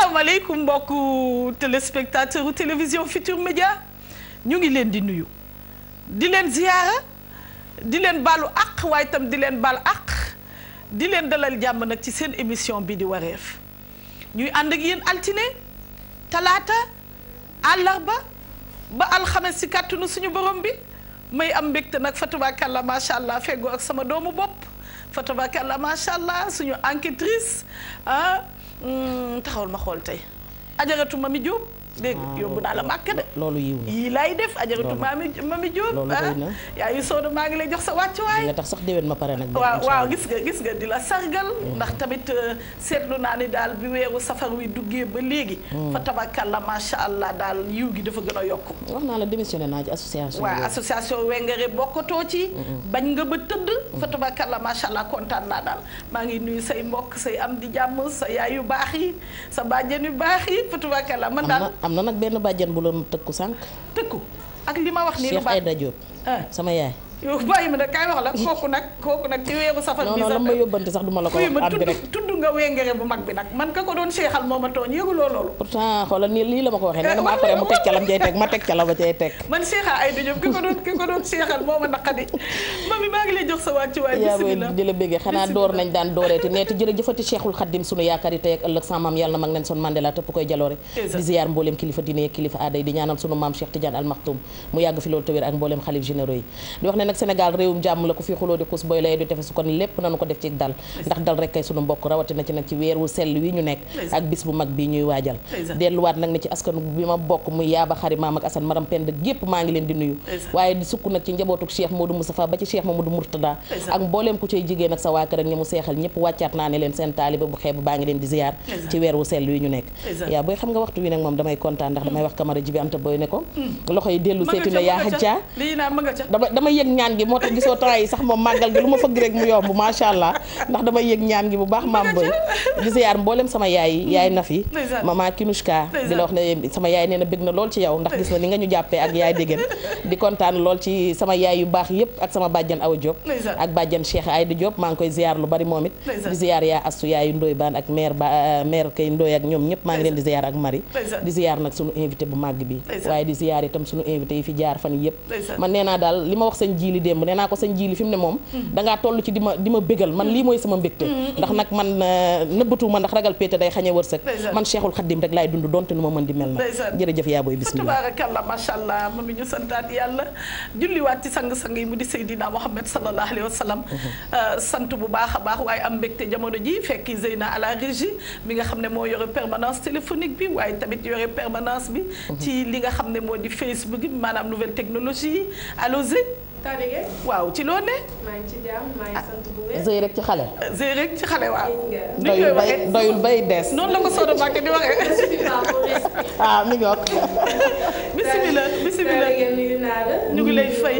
asalaamaaleykum mbokku téléspectateur u télévision Futur Média ñu ngi leen di nuyu di leen ziyaara di leen baalu àq waaye tam di leen baal àq di leen dalal jàmm nag ci seen émission bi di wareef ñuy ànd ak yéen altine talaata àllarba ba alxames si kàttanu suñu borom bi may am mbégte nag fatabakàlla macha allah feggoo ak sama doomu bopp fatabakàlla macha allah suñu enquêtrice ah, Hmm, taxawal ma xool tey ajaratu Mamy Diop dégg ah, yóbbu naa la màkk loolu yiw yii laay def ma maami mami Diop yaa yu sooda maa ngi lay jox sa wàcc wàccuwaay nga tax sax déwén ma pare nag waaw waaw gis nga gis nga di la sargal mm. ndax tamit euh, seetlu naa ni daal bi weeru safar wi duggee ba léegi mm. fa la macha allah daal yiw gi dafa gën a yokk wax naa la démissionné naa ci association waaw association wengare bokkatoo ci bañ nga ba tëdd fa tabakalla macha allah kontaan naa daal maa ngi nuyu say mbokk say am di jàmm sa yaay yu baax yi sa bàjjen yu baax yi fa tabakalla man am nag benn bàjjan bu la tëkku sànq. tëkku ak li ma wax nii lu baax Cheikh Aïda ah. sama yaay. yow bàyyi ma nag kaay wax la kooku nag kooku nag ci weeru safar bi sax non la ko bu mag bi nag man ka ko doon seexal moo ma tooñ yëguloo loolu pourtant xoolal nii lii la ma ko waxee nee na ma eh, après mu teg ma teg cala ba cay ay dañoo ki doon ki ko doon seexal moo ma naqadi mami sa wàcc door nañ daan dooreeti neeti jërëjëfati Cheikhul Khadim sunu yaakaar yi tey ak ëllëg sama maam yàlla na mag leen son Mandela tëpp koy jaloore di ziyaar mbooleem kilifa diine kilifa aaday di ñaanal sunu maam Cheikh Tidiane Al Maktoum mu yàgg fi loolu tawér ak mbooleem xalif généraux yi nag Sénégal réewum jàmm la ko fii xuloo di xus booy lay du tefesu kon lépp nanu ko def ci dal ndax dal rek kay sunu mbokk rawatina ci nag ci weer wu sell wi ñu nekk yaa booy xam nga waxtu wi nag moom damay kontaan ndax damay wax kamara ji booy ne ko hmm. loxo yi dellu seeti na yaa xajjaa damay yëg ñaan gi moo tax gisoo temps yi sax moom màggal ndax damay yëg ñaan gi bu baax maam bëy di ziar mboolem sama yaay yaay mm-hmm. Nafi maman Kinushka di la wax ne sama yaay nee na bëgg na lool ci yow ndax gis na ni nga ñu jàppee ak yaay déggéen di kontaan lool ci sama yaay yu baax yëpp ak sama bàjjan Awa Diop ak bàjjan Cheikh Aïda Diop maa ngi koy ziar lu bari moom it di ziar yaa astu yaayu Ndoy Baan ak meer ba euh, maire kay Ndoy ak ñoom ñëpp maa ngi leen di ziar ak mari di ziar nag sunu invité bu màgg bi waaye di ziar itam sunu invité yi fi jaar fan yépp man nee naa daal li ma wax sëñ ji jiili démb nee naa ko sañ jiili fi ne moom dangaa toll ci di ma di ma bégal man lii mooy sama mbégte mm-hmm. Mm-hmm. ndax nag man euh, nëbbatu ndax ragal pété day xañe wërsëg man Cheikhul Khadim rek laay dund donte nu ma mën di mel na jërëjëf yaa booy bismillah tabarakallah masha allah mami ñu santaat yàlla julliwaat ci sang-sang yi mu di Seydina Muhammad sallallahu alayhi wa sallam mm-hmm. euh, sant bu baax a baax waaye am mbégte jamono ji fekk Zeyna à la régie mi nga xam ne moo yore permanence téléphonique bi waaye tamit yore permanence bi ci li nga xam ne moo di Facebook bi maanaam nouvelle technologie yi Tadege. waaw ci loolu ne. maa ngi ci jàmm maa ngi ah, sant bu wér. zëy rek ci xale. zëy rek ci xale waaw. ni ñu koy waxee doyul bay des. noonu la ko Soda Mbacké di waxee. ah mi ngi wax. bisimilah bisimilah. Tadege nuyu naa la. ñu ngi lay fay.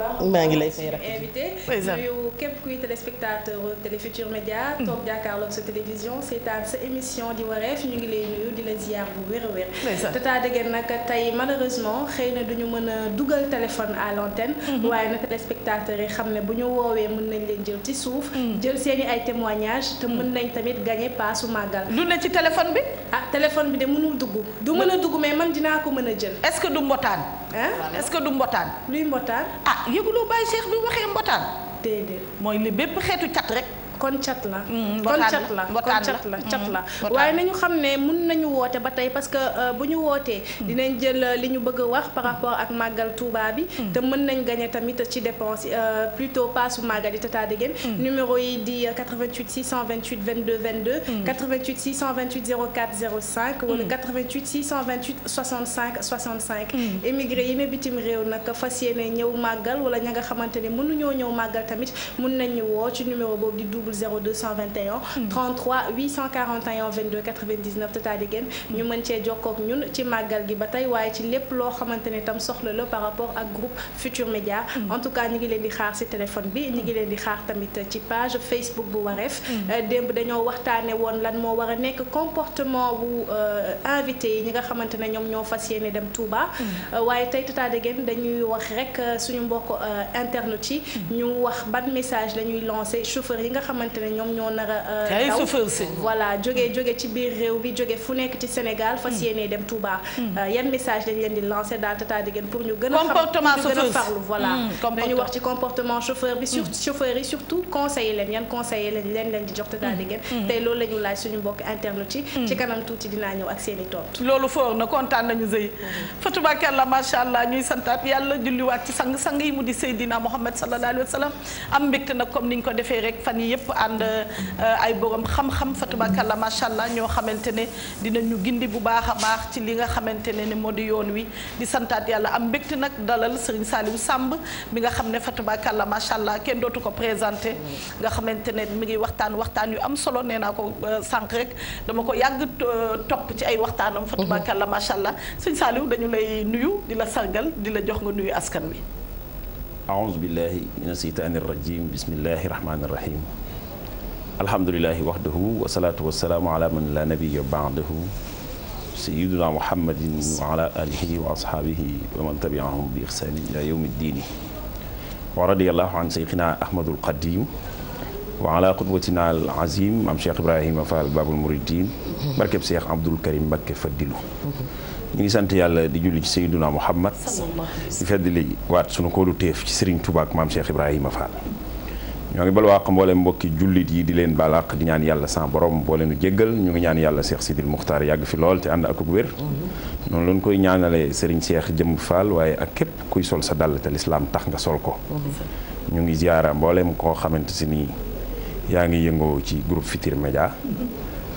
baax. maa ngi lay fay rafetlu invité. nuyu képp kuy téléspectateur Télé Futurs Médias. Hmm. toog jàkkaarloog sa télévision seetaan sa émission di wareef ñu ngi lay nuyu di la ziar bu wér a wér. Tata Degen nag tey malheureusement xëy na duñu mën a dugal téléphone à l'antenne. Hmm. waaye na téléspectateur yi xam ne bu ñu woowee mën nañ leen jël ci suuf. Hmm. jël seen seeni ay témoignages te mën nañ tamit gagné paasu màggal. lu ne ci téléphone bi. ah téléphone bi de mënul dugg. du mën a mais man dinaa ko mën a jël. est-ce que du mbotaan. loo bàyyi Cheikh bi waxee mbotaan. te mooy li bépp xeetu cat rek kon cat la. Mm, mm, kon cat la kon cat la mm, la waaye nañu xam ne mun nañu woote ba tey parce que euh, bu ñu wootee. dinañ jël euh, li ñu bëgg a wax par rapport ak màggal Touba bi. te mën nañ gagné tamit ci dépense euh, plutôt paasu màggal yi tata dégg ngeen. numéro yi di 88 628 22 22. 88 628 04 05. wala 88 628 65 65. émigré yi ne bitim réew nag fas yéene ñëw màggal wala ña nga xamante ne mënuñoo ñëw màggal tamit mun nañu woo ci numéro boobu di double. 0221. 33 841 22 99 Tata Déguène hmm. ñu mën cee jokkoo ñun ci màggal gi ba tey waaye ci lépp loo xamante ne tam soxla la par rapport ak groupe Futur Média. Hmm. en tout cas ñu ngi leen di xaar si téléphone bi ñu ngi leen di xaar tamit ci page Facebook bu Wareef. Hmm. Euh, démb dañoo waxtaane woon lan moo war a nekk comportement bu euh, invité yi ñi nga xamante ne ñoom ñoo fas yéene dem Touba. Euh, waaye tey Tata dañuy wax rek suñu mbokk internet yi. ñu wax ban message lañuy lancer chauffeur xamante ne ñoom ñoo nar a euh, daw voilà jóge jóge ci biir réew bi jóge fu nekk ci Sénégal fas hmm. yéenee dem Touba hmm. euh, yan message dañ leen di lancer daal tata di gën pour ñu gën hmm, wax ci comportement chauffeur bi sur chauffeur yi surtout yan conseiller leen leen di jox tata di gën tey loolu la ñu laaj suñu mbokk internet yi ci kanam tuuti dinaa ñëw ak seen i tontu loolu foor na kontaan nañu sëy Fatou la macha allah ñuy santaat yàlla julliwaat ci sang sang yi mu di Seydina Mouhamed sallallahu alayhi am mbégte nag comme niñ ko defee rek fan yi yëpp ñëpp euh, ay borom xam-xam fatabakalla macha ñoo xamante ne dinañu gindi bu baax a baax ci li nga xamante ne ni moo di yoon wi di santaat yàlla am mbégte nag dalal Serigne Saliou Samb mi nga xam ne fatabakalla macha allah kenn dootu ko présenté nga xamante ne mi ngi waxtaan waxtaan yu am solo nee naa ko euh, sànq rek dama ko yàgg euh, topp ci ay waxtaanam fatabakalla mhm. macha allah Serigne Saliou dañu lay nuyu di la sargal di la jox nga nuyu askan wi aouzu billahi min asheytaani irrajim bismillahi irahmani irrahim alhamdulilahi waxdahu wasalaatu wasalaamu ala man la nabiya baadahu sayiduna muhammadin wa ala alihi wa ashaabihi wa man tabiahum bi ixsaanin ila yowmi ddiini wa radiallahu an seyxina ahmadul qadim wa ala qudwatina al azim maam cheikh ibrahima fall babul muridin barkeb cheikh abdul karim mbakke faddilu ñu ngi sant yàlla di julli ci sayiduna muhammad di feddli waat sunu koolu téef ci sëriñ tubaak maam cheikh ibrahima fall ñoo ngi baluwaaq mboolem mbokki jullit yi di leen balaq di ñaan yàlla sans borom boo leenu jéggal ñu ngi ñaan yàlla Cheikh Sidil Muxtaar yàgg fi lool te ànd ak wér noonu lañ koy ñaanale Serigne seex Jëm Fall waaye ak képp kuy sol sa dàll te lislaam tax nga sol ko ñu ngi ziara mboolem koo xamante si nii yaa ngi yëngoo ci groupe Futurs Médias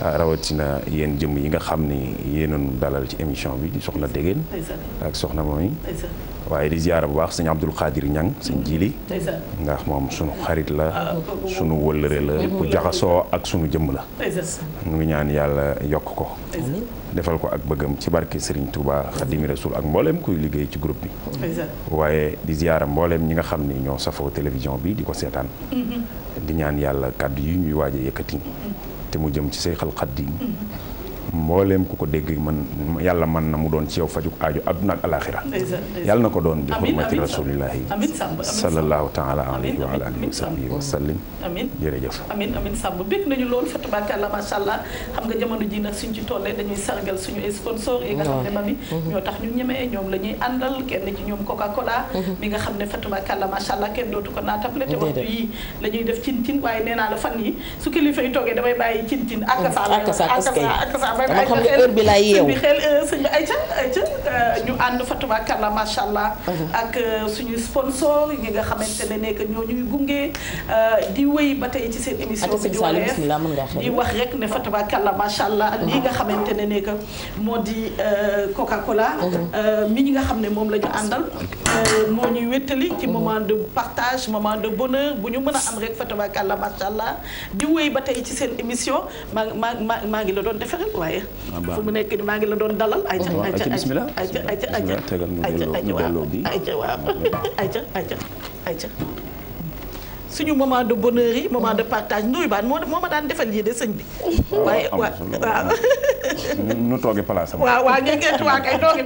Euh, rawatina yéen jëm yi nga xam ni yéenoon dalal ci émission bi di soxna Degeen ak soxna Mami waaye di ziyaara bu baax sëñ Abdul Xaadir Ñang sëñ Jili ndax moom suñu xarit la ah, suñu wëllëre la ku jaxasoo ak suñu jëmm la mu ngi ñaan yàlla yokk ko defal ko ak bëggam ci barke Serigne Touba Xadimi Rasul ak mbooleem kuy liggéey ci groupe bi waaye di ziyaara mbooleem ñi nga xam ni ñoo safoo télévision bi di ko seetaan mm-hmm. di ñaan yàlla kàddu yi ñuy waaj a yëkkati mm-hmm. te mu jëm ci Seexal Xaddiim mbooleem ku ko dégg mën yàlla mën na mu doon ci yow fajuk aajo adduna ak alaxira yàlla na ko doon bi xurmati rasulillahi sallallahu taala alayhi wa alihi wa sahbihi wa sallim amin jërëjëf amin amin sàmb bég nañu loolu fa tabarakallah masha allah xam nga jamono ji nag suñ ci tollee dañuy sargal suñu ay yi nga xam ne mami mhm. mhm. masha allah kenn dootu ko naatable te waxtu yi la def cin cin waaye nee fan yi su kilifa yi toogee damay bàyyi cin cin ak sa dama xam ne heure bi laay euh, sëñ ay ca ay ca euh, ñu ànd fatabakalla macha allah. Uh-huh. ak euh, suñu sponsor ñi nga xamante ne nekk ñoo ñuy gunge di wéy ba tey ci seen émission bi di wareef di wax rek ne fatabakalla macha allah lii nga uh-huh. xamante ne nekk moo di Coca Cola. mi uh-huh. ñi nga xam ne moom la ñu àndal moo ñuy wéttali ci moment de partage moment de bonheur bu ñu mën a am rek fatabakalla macha allah di wéy ba tey ci seen émission maa maa maa ngi la doon defaral waaye. waaye ah, fu mu nekk ni maa ngi la doon dalal ay ca ay ca bismillah ay ca ay ca ay ca ay ca ay ca ay ca suñu moment de bonheur yi moment de partage nduy baan moo moo ma daan defal yii de sëñ bi oh, waaye waaw waaw ngeen ngeen waa kay toogi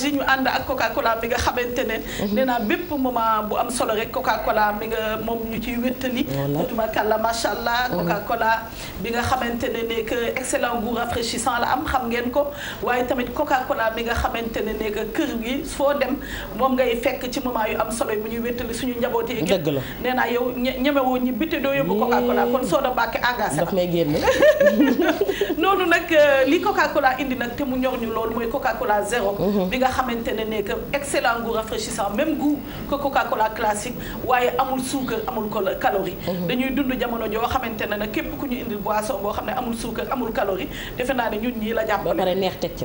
yi ñu ànd ak coca cola bi nga xamante ne mhm. nee naa bépp moment bu am solo rek coca cola mi nga moom ñu ciy wéttali atuma kàlla macha allah coca cola bi nga xamante ne ne que excellent goût rafraîchissant la am xam ngeen ko waaye tamit coca cola bi nga xamante ne ne que kër gi foo dem moom ngay fekk ci ci moment yu am solo bu ñuy wéttali suñu njaboot yi dëgg la nee naa yow ñemewoo ñi bite doo yóbbu coca cola kon sooda mbàkke engagé daf may génn noonu nag euh, li coca indi nag te mu ñor ñu loolu mooy coca zéro mhm. bi nga xamante ne ne excellent goût rafraîchissant même goût que coca waaye amul suukar amul calorie mhm. dañuy dund jamono joo xamante ne nag képp ku ñu indil boisson boo xam ne amul suukar amul calorie defe naa ne ñun ñii la jàppale ba pare neex teg ci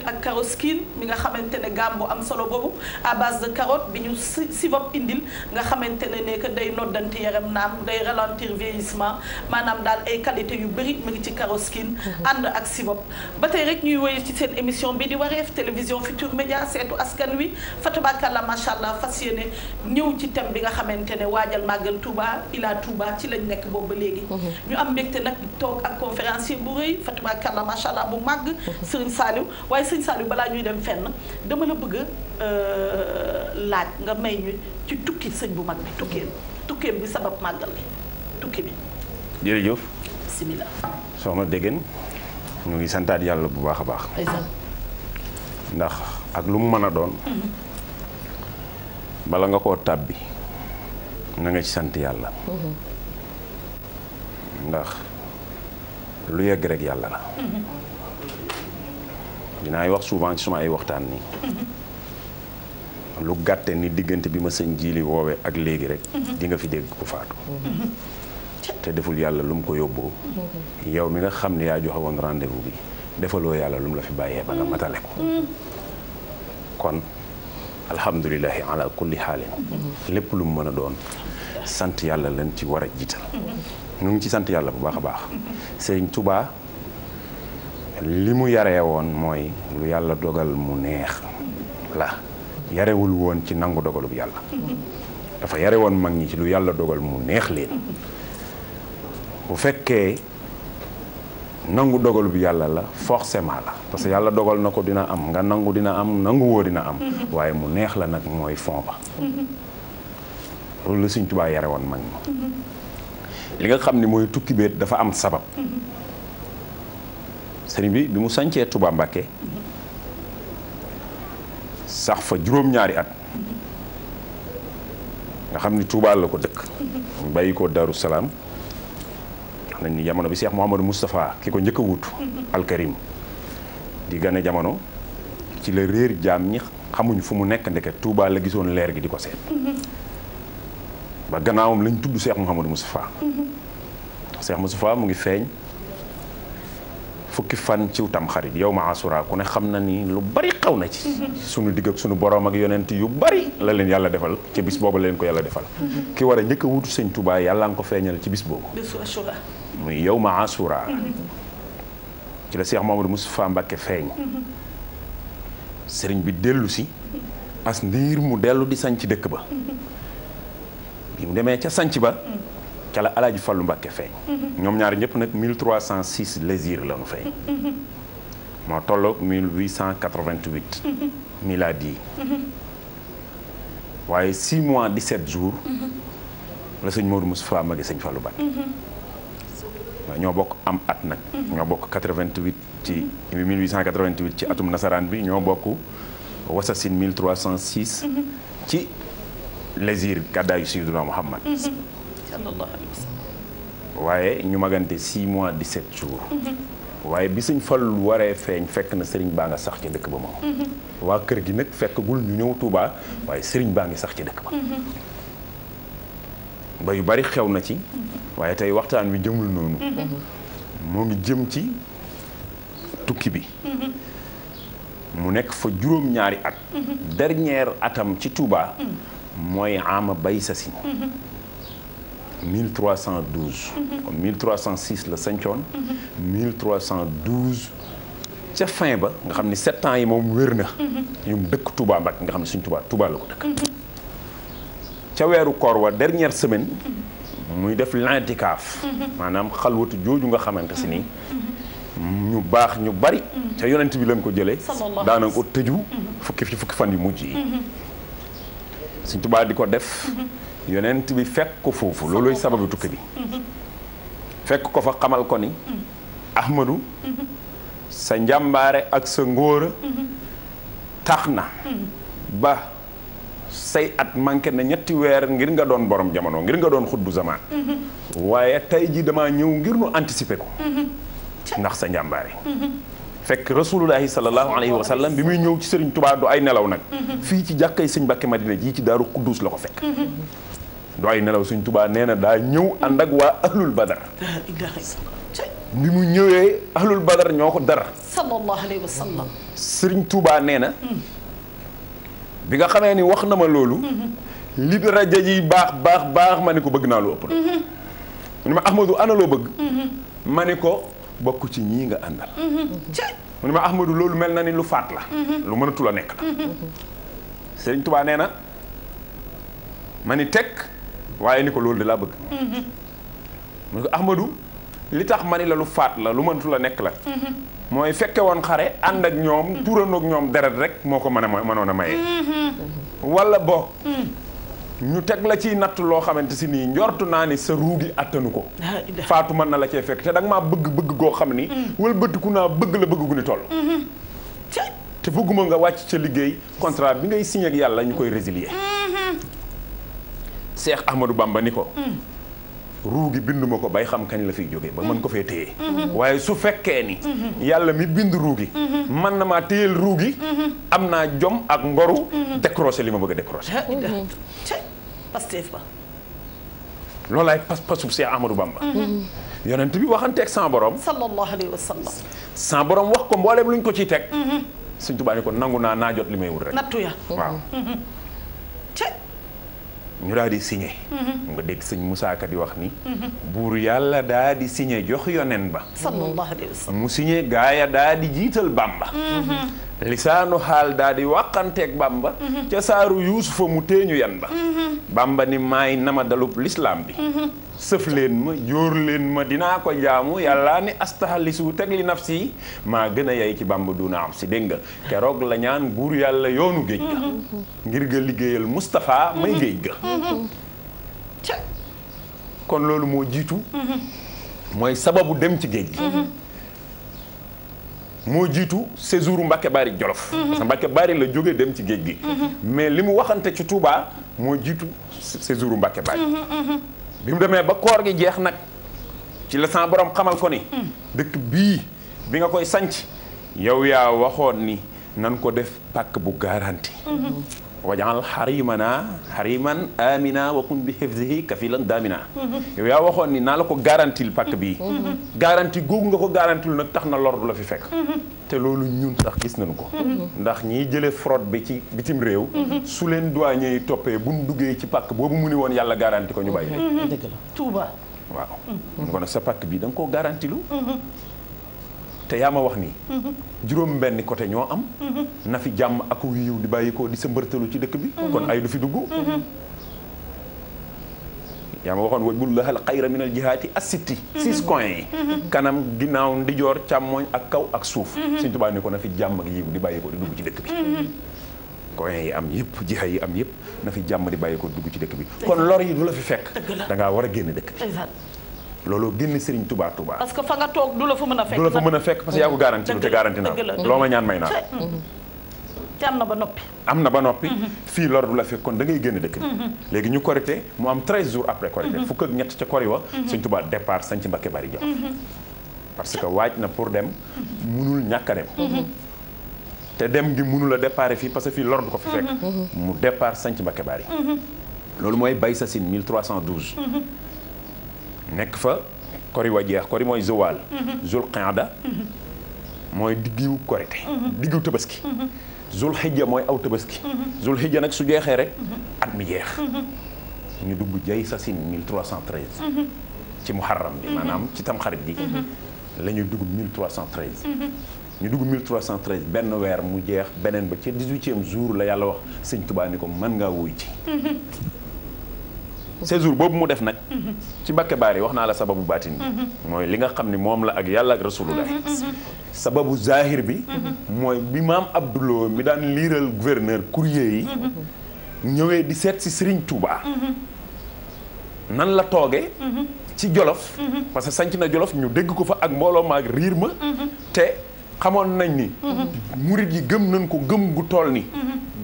tamit ak caroskin mi nga xamante ne gamme bu am solo boobu à base de carotte bi ñu si sivop indil nga xamante ne ne que day noddante yaram naam day ralentir vieillissement maanaam daal ay qualité yu bëri mi ngi ci caroskin mhm. ànd ak sivop ba tey rek ñuy woye ci seen émission bi di wareef télévision Futurs média seetu askan wi fatabakalla macha allah fas yéene ñëw ci thème bi nga xamante ne waajal màggal Touba ila Touba ci lañ nekk boobu ba léegi mhm. ñu am mbégte nag toog ak conférencier bu rëy fatabakalla macha allah bu màgg mhm. Serigne waaye sëñ Saliou balaa ñuy dem fenn dama la bëgg euh, laaj nga may ñu ci tukki sëñ bu mag bi tukkeem tukkeem bi sabab màggal bi tukki bi. jërëjëf. soo ma Degen ñu ngi santaat yàlla bu baax a baax. ndax ak lu mu mën a doon. Mm-hmm. bala nga koo tàbbi na nga ci sant yàlla. Mm-hmm. ndax lu yegg rek yàlla la. Mm-hmm. dinaay wax souvent ci suma ay waxtaan nii lu gàtte ni diggante bi ma sëñ jiili woowee ak léegi rek di nga fi dégg ku faatu te deful yàlla lu mu ko yóbboo yow mi nga xam ne yaa joxe woon rendez bi defaloo yàlla lu la fi bàyyee ba nga matale ko kon alhamdulilahi ala kulli lépp lum mën a doon sant yàlla lañ ci war a jiital ñu ngi ci sant yàlla bu baax a baax sëriñ Tuubaa li mu yaree woon mooy lu yàlla dogal mu neex la yarewul woon ci nangu dogalub yàlla dafa yare woon mag ñi ci lu yàlla dogal mu neex leen bu fekkee nangu dogalub yàlla la forcément la parce que yàlla dogal na ko dina am nga nangu dina am nangu woo dina am waaye mu neex la nag mooy fond ba loolu la Sëñ Tuubaa yare woon mag ñi li nga xam ni mooy tukki beet dafa am sabab sëriñ bi bi mu sañcee Touba Mbacké sax fa juróom-ñaari at nga xam ni tuubaal la ko dëkk bàyyi ko Darou Salaam wax nañ ni jamono bi Cheikh Mouhamadou Moustapha ki ko njëkk wut alkarim di gane jamono ci la réer jaam ñi xamuñu fu mu nekk ndeke Touba la gisoon leer gi di ko seet ba gannaawam lañ tudd Cheikh Mouhamadou Moustapha Cheikh Moustapha mu ngi feeñ fukki fan ci tamxarit yow ma asura ku ne xam na ni lu bari xaw na ci sunu digg ak sunu borom ak yonent yu bari la leen yàlla defal ci bis boobu la leen ko yàlla defal ki war a njëkk a wutu sëñ Tuubaa yàlla nga ko feeñal ci bis boobu muy yow ma asura ci la Cheikh Mamadou Moustapha Mbacké feeñ sëriñ bi dellusi si as ndiir mu dellu di sañ ci dëkk ba bi mu demee ca sanc ba ca la Alaaji Fallu Mbàkke feeñ mhm. ñoom ñaar ñëpp nag 1306 lésir la ñu feeñ mhm. moo tolloog 1888 mhm. miladi waaye 6 mois 17 jours la sëñ Modou Moustapha magi sëñ Fallu Mbàkke ñoo bokk am at nag ñoo bokk 88 ci 1888 ci atum nasaraan bi ñoo bokk wasasin 1306 ci lésir gàddaayu Seydina Muhammad waaye ñu magante 6 mois di 17 jours. waaye bi suñ fal waree feeñ fekk na sëriñ baa nga sax ci dëkk ba moom. waa kër gi nag fekkagul ñu ñëw tuubaa waaye sëriñ baa ngi sax ci dëkk ba. ba yu bari xew na ci. waaye tey waxtaan wi jëmul noonu. moo ngi jëm ci tukki bi. mu nekk fa juróom-ñaari at. dernier atam ci tuubaa mooy ama bay sa si 1312. kon 1306 la sancoon. 1312 ca fin ba nga xam ni sept ans yi moom wér na. ñum dëkk Touba Mbacke nga xam ne suñ Touba Touba la ko dëkk. ca weeru koor wa dernière semaine. muy def l'intikaaf. maanaam xalwatu jooju nga xamante si nii. ñu baax ñu bari. ca yonent bi lañ ko jëlee. daana ko tëju. fukki fi fukki fan yu mujj yi. Mm-hmm. suñ Touba di ko def. Mm-hmm. yonent bi fekk ko foofu looluy sababu tukki bi fekk ko fa xamal ko ni ahmadu sa njàmbaare ak sa ngóora tax na ba say at manqué na ñetti weer ngir nga doon borom jamono ngir nga doon xutbu zamaan waaye tey ji dama ñëw ngir nu anticiper ko ndax sa njàmbaare fekk rasulullahi sallallahu alayhi wa sallam bi muy ñëw ci sëriñ tubaa du ay nelaw nag fii ci jàkkay sëñ Mbàkke Madina jii ci daaru Kuddus la ko fekk du nelaw suñ tubaa nee na daa ñëw ànd ak waa ahlul badar bi mu ñëwee ahlul badar ñoo ko dara sallallahu alayhi wa sëriñ tubaa nee na hmm. bi nga xamee ni wax na ma loolu hmm. li rajo ji baax baax baax ma ni ko bëgg naa lu ëpp la hmm. mu ma ahmadou ana loo ni ko bokk ci ñii nga àndal mu ma ahmadou loolu mel na ni lu faat la lu mënatul a nekk la sëriñ tubaa nee na ma ni waaye ni ko loolu de laa bëgg. Mhm. mu ne ko Ahmadou li tax ma ni la lu faat la lu mëntula nekk la. Mhm. mooy fekke woon xare ànd ak ñoom mhm. turandoog ñoom deret rek moo ko mën a mënoon a maye. wala bo ñu teg la ci natt loo xamante si nii njortu naa ni sa ruugi attanu ko faatu mën na la cee fekk te da nga maa bëgg bëgg goo xam ni wëlbatiku naa bëgg la bëgg gu ni toll te bëgguma nga wàcc ca liggéey contrat bi ngay signé yàlla ñu koy résilier Cheikh Ahmadou Bamba ni ko mm. ruu gi bindu ma ko bay xam kañ la fi jógee ba mën mm. ko fee téye mm-hmm. waaye su fekkee ni mm-hmm. yàlla mi bind ruu gi man mm-hmm. na maa téyel ruu gi am naa jom ak ngoru décroché li ma bëgg a décroché Pastef ba loolaay pas pasub Cheikh Ahmadou Bamba yonent bi waxanteeg sans borom sallallahu alayhi wa borom wax ko mbooleem lu ko ci teg Sëñ Tuubaa ni ko nangu naa naa jot li may wut rek ñu daal di signé. Mm-hmm. nga dégg sëñ Moussa Ka di wax ni. Mm-hmm. buur yàlla daa di signé jox yonen ba. sallallahu alayhi mu signé gaaya daa di jiital Bamba. Mm-hmm. lisaanu xaal daal di wàqanteeg bamba mhm. ca saaru yuusufa mu téeñu yan ba mhm. bamba ni maay nama dalub lislaam bi mhm. sëf ma jóor leen ma dinaa ko jaamu yàlla ni astaxalisu teg li naf si maa gën a yay ci du duna am si dégg nga keroog la ñaan buur yàlla yoonu géej ga ngir ga liggéeyal mustafaa may géej ga kon loolu moo jiitu mooy sababu dem ci géej gi moo jiitu séjour Mbacke Bari Jolof. Mhm. parce que Mbacke Bari la jóge dem ci géej gi. Mhm. mais li mu waxante ci Touba moo jiitu séjour Mbacke Bari. Mhm, bi mu demee ba koor gi jeex nag ci la sa borom xamal ko ni. dëkk bii bi nga koy sanc yow yaa waxoon ni nan ko def pàkk bu garanti. wajal xarimana xariman amina wa kun bi hifzihi kafilan damina yow yaa waxoon ni naa la ko garantil pàkk bii garanti googu nga ko garantil nag tax na lor la fi fekk te loolu ñun sax gis nañu ko ndax ñi jële fraude bi ci bitim réew su leen douanier yi toppee buñ duggee ci pàkk boobu mu ni woon yàlla garanti ko ñu bàyyi leen dëgg la Tuuba waaw nag sa pàkk bii da ko koo te yaa ma wax nii. juróom benn côté ñoo am. na fi jàmm ak yiw di bàyyi ko di sa mbërtalu ci dëkk bi. kon ay du fi dugg. yaa ma waxoon wajbul lahal xayra min al jihaati asitti six coins yi kanam ginnaaw ndijoor càmmooñ ak kaw ak suuf suñ tubaab ni na fi jàmm ak di bàyyi ko di ci dëkk bi coins yi am yëpp jiha yi am yëpp na fi di bàyyi dugg ci dëkk bi kon lor yi du la fi fekk da war a génn dëkk bi loolu génn Serigne Touba Touba. parce que fa nga toog du la fa mën a fekk. du la a fekk parce que yaa ko garanti lu te garanti naa loo ma ñaan may naa te am na ba noppi. am na ba noppi. fii lor du la fekk kon da ngay génn dëkk bi. léegi ñu korité mu am 13 jours après korité. fukk ak ñett ca kori wa. Serigne Touba départ sañ ci Mbacké Bari Jolof. parce que waaj na pour dem munul ñàkk a dem. te dem gi munul a départ fii parce que fii lor du ko fi fekk. mu départ sañ ci Mbacké Bari. loolu mooy bay sa sin 1312. nekk fa kori wa jeex kori mooy jour mhm. zul qaada mhm. mooy diggu korite mhm. diggu tabaski zul xijja mooy aw tabaski zul xijja nag su jeexee rek at mi jeex ñu dugg jay sa sin 1313 ci muharram bi maanaam ci tamxarit bi la ñuy dugg 1313 ñu dugg 1313 benn weer mu jeex beneen ba ci 18e jour la yàlla wax sëñ Tuubaa ni ko mën ngaa wuy ci séjour boobu mu def nag ci baar yi wax naa la sababu baatin bi mooy li nga xam ni moom la ak yàlla ak rasulullah sababu zahir bi mooy bi maam Abdouloo mi daan liiral gouverneur courrier yi ñëwee di seet si Serigne Touba nan la tooge ci Jolof parce que sanc na Jolof ñu dégg ko fa ak mbooloo maag riir ma te xamoon nañ ni murit yi gëm nañ ko gëm gu tool ni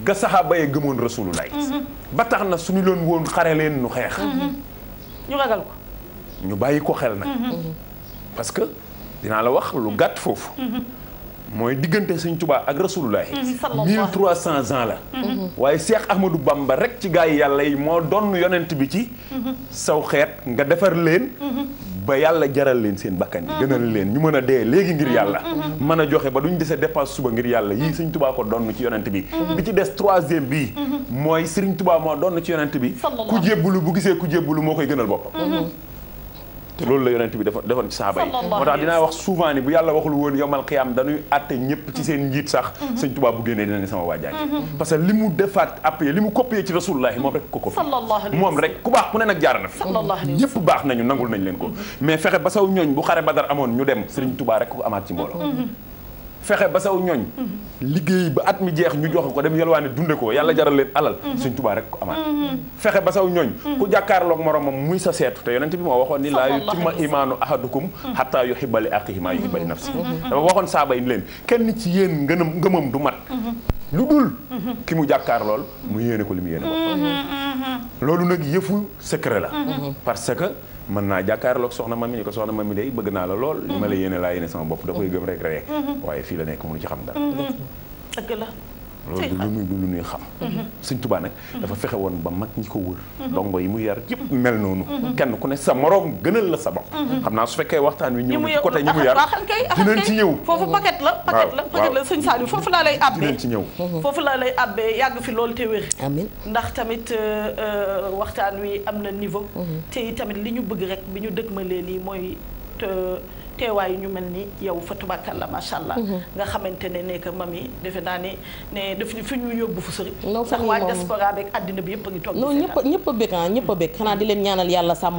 nga saxaaba yee gëmoon rasulullah ba tax na suñu loon woon xare leen nu xeex ñu ragal ko ñu bàyyi ko xel nag mhm. parce que dinaa la wax lu gàtt foofu mhm. mooy diggante sëñ Tuubaa ak rasulullahi mhm, mille trois cents ans la waaye Seex Ahmadu Bamba rek ci gaa yi yàlla yi moo doon yonent bi ci saw xeet nga defar leen ba yàlla jaral leen seen bakkan yi gënal leen ñu mën a dee léegi ngir yàlla mën a joxe ba duñ desee dépense suba ngir yàlla yii sëriñ tubaa ko donn ci yonent bi mhm. bi ci des troisième bi mhm. mooy sëriñ tubaa moo donn ci yonent bi ku jébbulu bu gisee ku jébbulu moo koy gënal boppam mhm. te loolu la yonent bi dafa defoon ci saaba yi moo tax dinaa wax souvent ni bu yàlla waxul woon yomal xiyaam dañuy atte ñëpp ci seen mm-hmm. njiit sax mm-hmm. sëñ Tuubaa bu génnee dina ne sama waajaa mm-hmm. parce que li mu defaat appuyé li mu copié ci rasulullahi moom rek ko ko moom rek ku baax ku ne nag jaar na fi baax nañu nangul nañ leen ko mais fexe ba saw ñooñ bu xare badar amoon ñu dem sëriñ tubaa rek ko amaat ci mbooloo fexe ba saw ñooñ liggéey ba at mi jeex ñu jox ko dem yalwaane dunde ko yàlla jaral leen alal mhm. suñ tubaa rek ko amaat mhm. fexe ba saw ñooñ mhm. ku jàkkaarloog moromam muy sa seetu te yonent bi moo waxoon ni laa yutimma imaanu ahadukum xataa yuhibba li aqihi maa yuhibba li nafsi dafa waxoon saaba yi leen kenn ci yéen ngënam ngëmam du mat lu dul ki mu jàkkaar mu yéene ko li loolu nag yëfu secret la parce que mën naa jàkkaarloog soxna mami ni ko soxna mami day bëgg naa la lool li ma la yéene laa yéene sama bopp da koy gëm rek ree mm-hmm. waaye fii la nekk mënu ci xam dara mm-hmm. dëgg la loolu lu muy lu ñuy xam mhm. sëñ Tuubaa nag mhm. dafa fexe woon ba mag ñi ko wër mhm. ndongo yi mu yar yëpp mel noonu kenn ku ne sa moroom gënal la sa bopp xam naa su fekkee waxtaan wi ñëw ci côté ñi mu yar dinañ ci ñëw foofu paquet la paquet la paquet la sëñ Saliou foofu laa lay abbee dinañ ci ñëw foofu laa lay abbee yàgg fi loolu te wér amiin ndax tamit euh, euh, waxtaan wi am na niveau te tamit li ñu bëgg rek bi ñu dëgmalee lii mooy teewaayu ñu mel ni yow fa tubaakalla macha allah. Mm-hmm. nga xamante ne ne que mami defe naa ne ne daf ñu fi ñu yóbbu fu sori. sax waa diaspora beeg àddina bi yëpp a ngi toog. non a a bëgg ah ñëpp a bëgg xanaa di leen ñaanal yàlla a a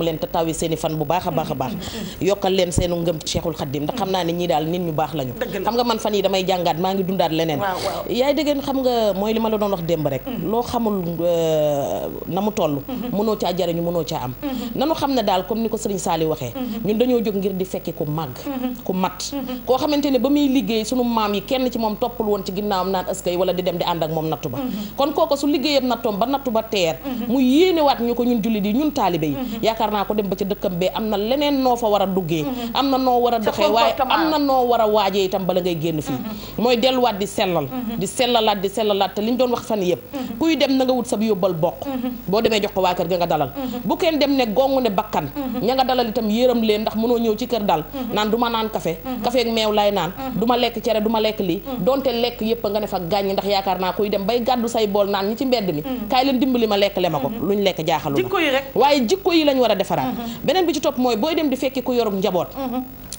mm-hmm. xam naa ne ñii daal nit ñu baax lañu. xam nga man fan yi damay jàngaat maa ngi dundaat leneen. yaay dëggeen xam nga mooy li ma la doon wax démb rek. Mm-hmm. loo xamul euh, na mu toll. mënoo caa jariñu mënoo caa am. nanu xam ne daal comme ni ko sëriñ Sali waxee. ñun dañoo jóg ngir di fekki ko màgg ku mat koo xamante ne ba muy liggéey sunu maam yi kenn ci moom toppul woon ci ginnaawam naan askay wala di dem di ànd ak moom nattu ba kon kooko su liggéeyam nattoom ba nattu ba teer mu yéenewaat ñu ko ñun jullit yi ñun taalibe yi yaakaar naa ko dem ba ca dëkkam bee am na leneen noo fa war a duggee am na noo war a doxee waaye am na noo war a waajee tam bala ngay génn fii mooy delluwaat di sellal di sellalaat di sellalaat te li ñu doon wax fan yëpp kuy dem na nga wut sab yóbbal bokk boo demee jox ko waa kër ga nga dalal bu kenn dem ne gongu ne bakkan ña nga dalal itam yéram leen ndax mënoo ci dal naan du ma naan café mhm. café meew lay naan mhm. du ma lekk cere du ma lekk lii mhm. donte lekk yëpp a nga ne fa gàññi ndax yaakaar naa kuy dem bay gàddu say bool naan ñi ci mbedd mi kaay leen li ma lekk le ma ko luñ lekk jaaxalu ma waaye jikko yi lañ war a defaraat beneen bi ci topp mooy booy dem di fekki ku yorum njaboot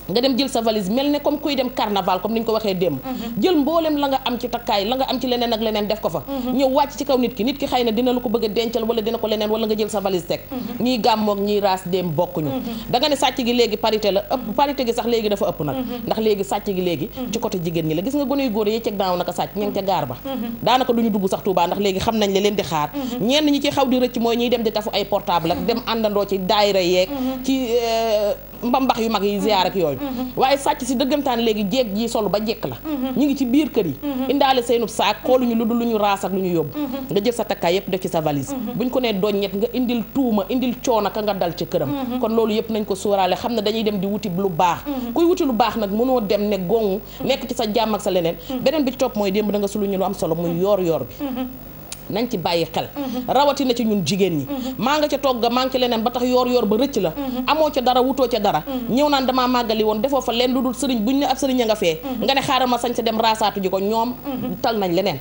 nga dem jël sa valise mel ni comme kuy dem carnaval comme ni ñu ko waxee démb mhm. jël mboolem la nga am ci takkaay la nga am ci leneen ak leneen def ko fa mhm. ñëw wàcc ci kaw nit ki nit ki xëy na dina la ko bëgg a dencal wala dina ko leneen wala nga jël sa valise teg mhm. ñiy gàmmoog ñiy raas démb bokkuñu da nga ne sàcc gi léegi parité la ëpp parité gi sax léegi dafa ëpp nag ndax léegi sàcc gi léegi ci côté jigéen ñi la gis nga gone yu góor yi ceg daaw naka sàcc ña ba daanaka duñu dugg sax leen di xaar ñenn ñi ci xaw di rëcc mooy ñiy di tafu ay portable ak dem àndandoo ci daayira yeeg ci euh, mbambax yu mag yi ziyaar ak yooyu mm-hmm. waaye sàcc si dëggantaan léegi jeeg ji solu ba jekk la mm-hmm. ñu ngi ci biir kër yi mm-hmm. indaale seenub saak xooluñu lu dul lu ñu raas lu ñu yóbbu nga jël sa takkaay yëpp def ci sa valise buñ ko nee doññet nga indil tuuma indil coono ka nga dal ci këram kon loolu yëpp nañ ko sóoraale xam ne dañuy dem di wuti lu baax kuy wuti lu baax nag mënoo dem ne gongu nekk ci sa jàmm ak sa leneen beneen bi ci topp mooy démb da nga suluñu lu am solo muy yoor yoor bi nañ ci bàyyi xel rawatina ci ñun jigéen ñi maa nga ca togg maa ngi ci leneen ba tax yoor yoor ba rëcc la amoo ca dara wutoo ca dara ñëw naan damaa màggali woon defoo fa leen lu dul sëriñ buñ ne ab sëriñ a nga fee nga ne xaaral ma sañ sa dem raasaatu ji ko ñoom tal nañ leneen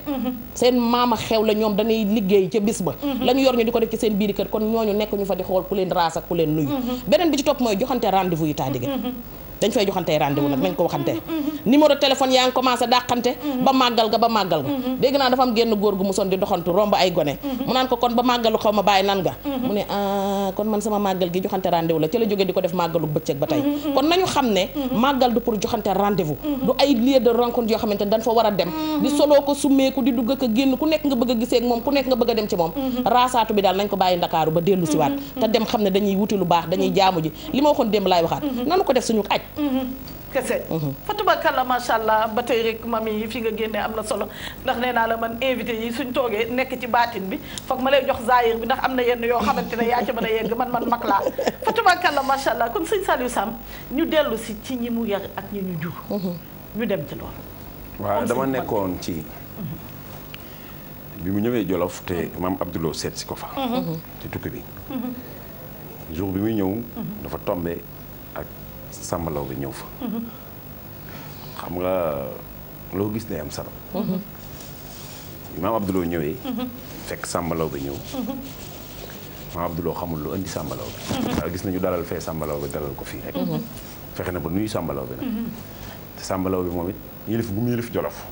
seen maama xew la ñoom dañuy liggéey ca bis ba la ñu yor ñu di ko def ci seen biiri kër kon ñooñu nekk ñu fa di xool ku leen raas ku leen nuyu beneen bi ci topp mooy joxante rendez-vous yi dañ fay joxante rendez-vous nag mm-hmm. nañ ko waxante mm-hmm. numéro téléphone yaa ngi commencé mm-hmm. naa dafa am génn góor gu mu son di doxantu romb ay gone mu naan ko kon bàyyi nan nga mu ne ah kon sama màggal gi joxante rendez-vous la ci la jógee ko def màggalu bëccëg ba tey kon nañu xam ne màggal du pour joxante rendez-vous du ay ne dañ fa war a dem di soloo ko summeeku di dugg ak génn ku nekk nga bëgg a gisee moom ku nekk nga bëgg a dem ci moom raasaatu bi daal nañ ko bàyyi ndakaaru ba dellu siwaat te dem xam ne dañuy wuti lu baax dañuy jaamu ji li ma waxoon démb laay waxaat nanu ko def suñu aj Mhm. kese mhm. fatubarkalla macha allah ba tey rek mami yi fi nga génne am na solo ndax nee naa la man invité yi suñ toogee nekk ci baatin bi foog ma lay jox zaayir bi ndax am na yenn yoo xamante ne yaa ca mën a yegg man man mag laa fatubarkalla macha allah kon sëñ Saliou Samb ñu dellusi ci ñi mu yar ak ñi ñu jur mhm. ñu dem ci loolu waaw dama nekkoon ci bi mu ñëwee Jolof te maam Abdoulou seet si ko fa ci tukki bi jour bi mu ñëw dafa tombé Samba bi ñëw fa. xam nga loo gis day am sabab. bi maam Abdoulou ñëwee. fekk Samba Laobé ñëw. maam Abdoulou xamul lu indi Samba Laobé. waaye gis nañu dalal fee Samba Laobé dalal ko fii rek. fexe na ba nuyu Samba Laobé nag. te Samba Laobé moom it yëlif bu mu yëlif Jolof.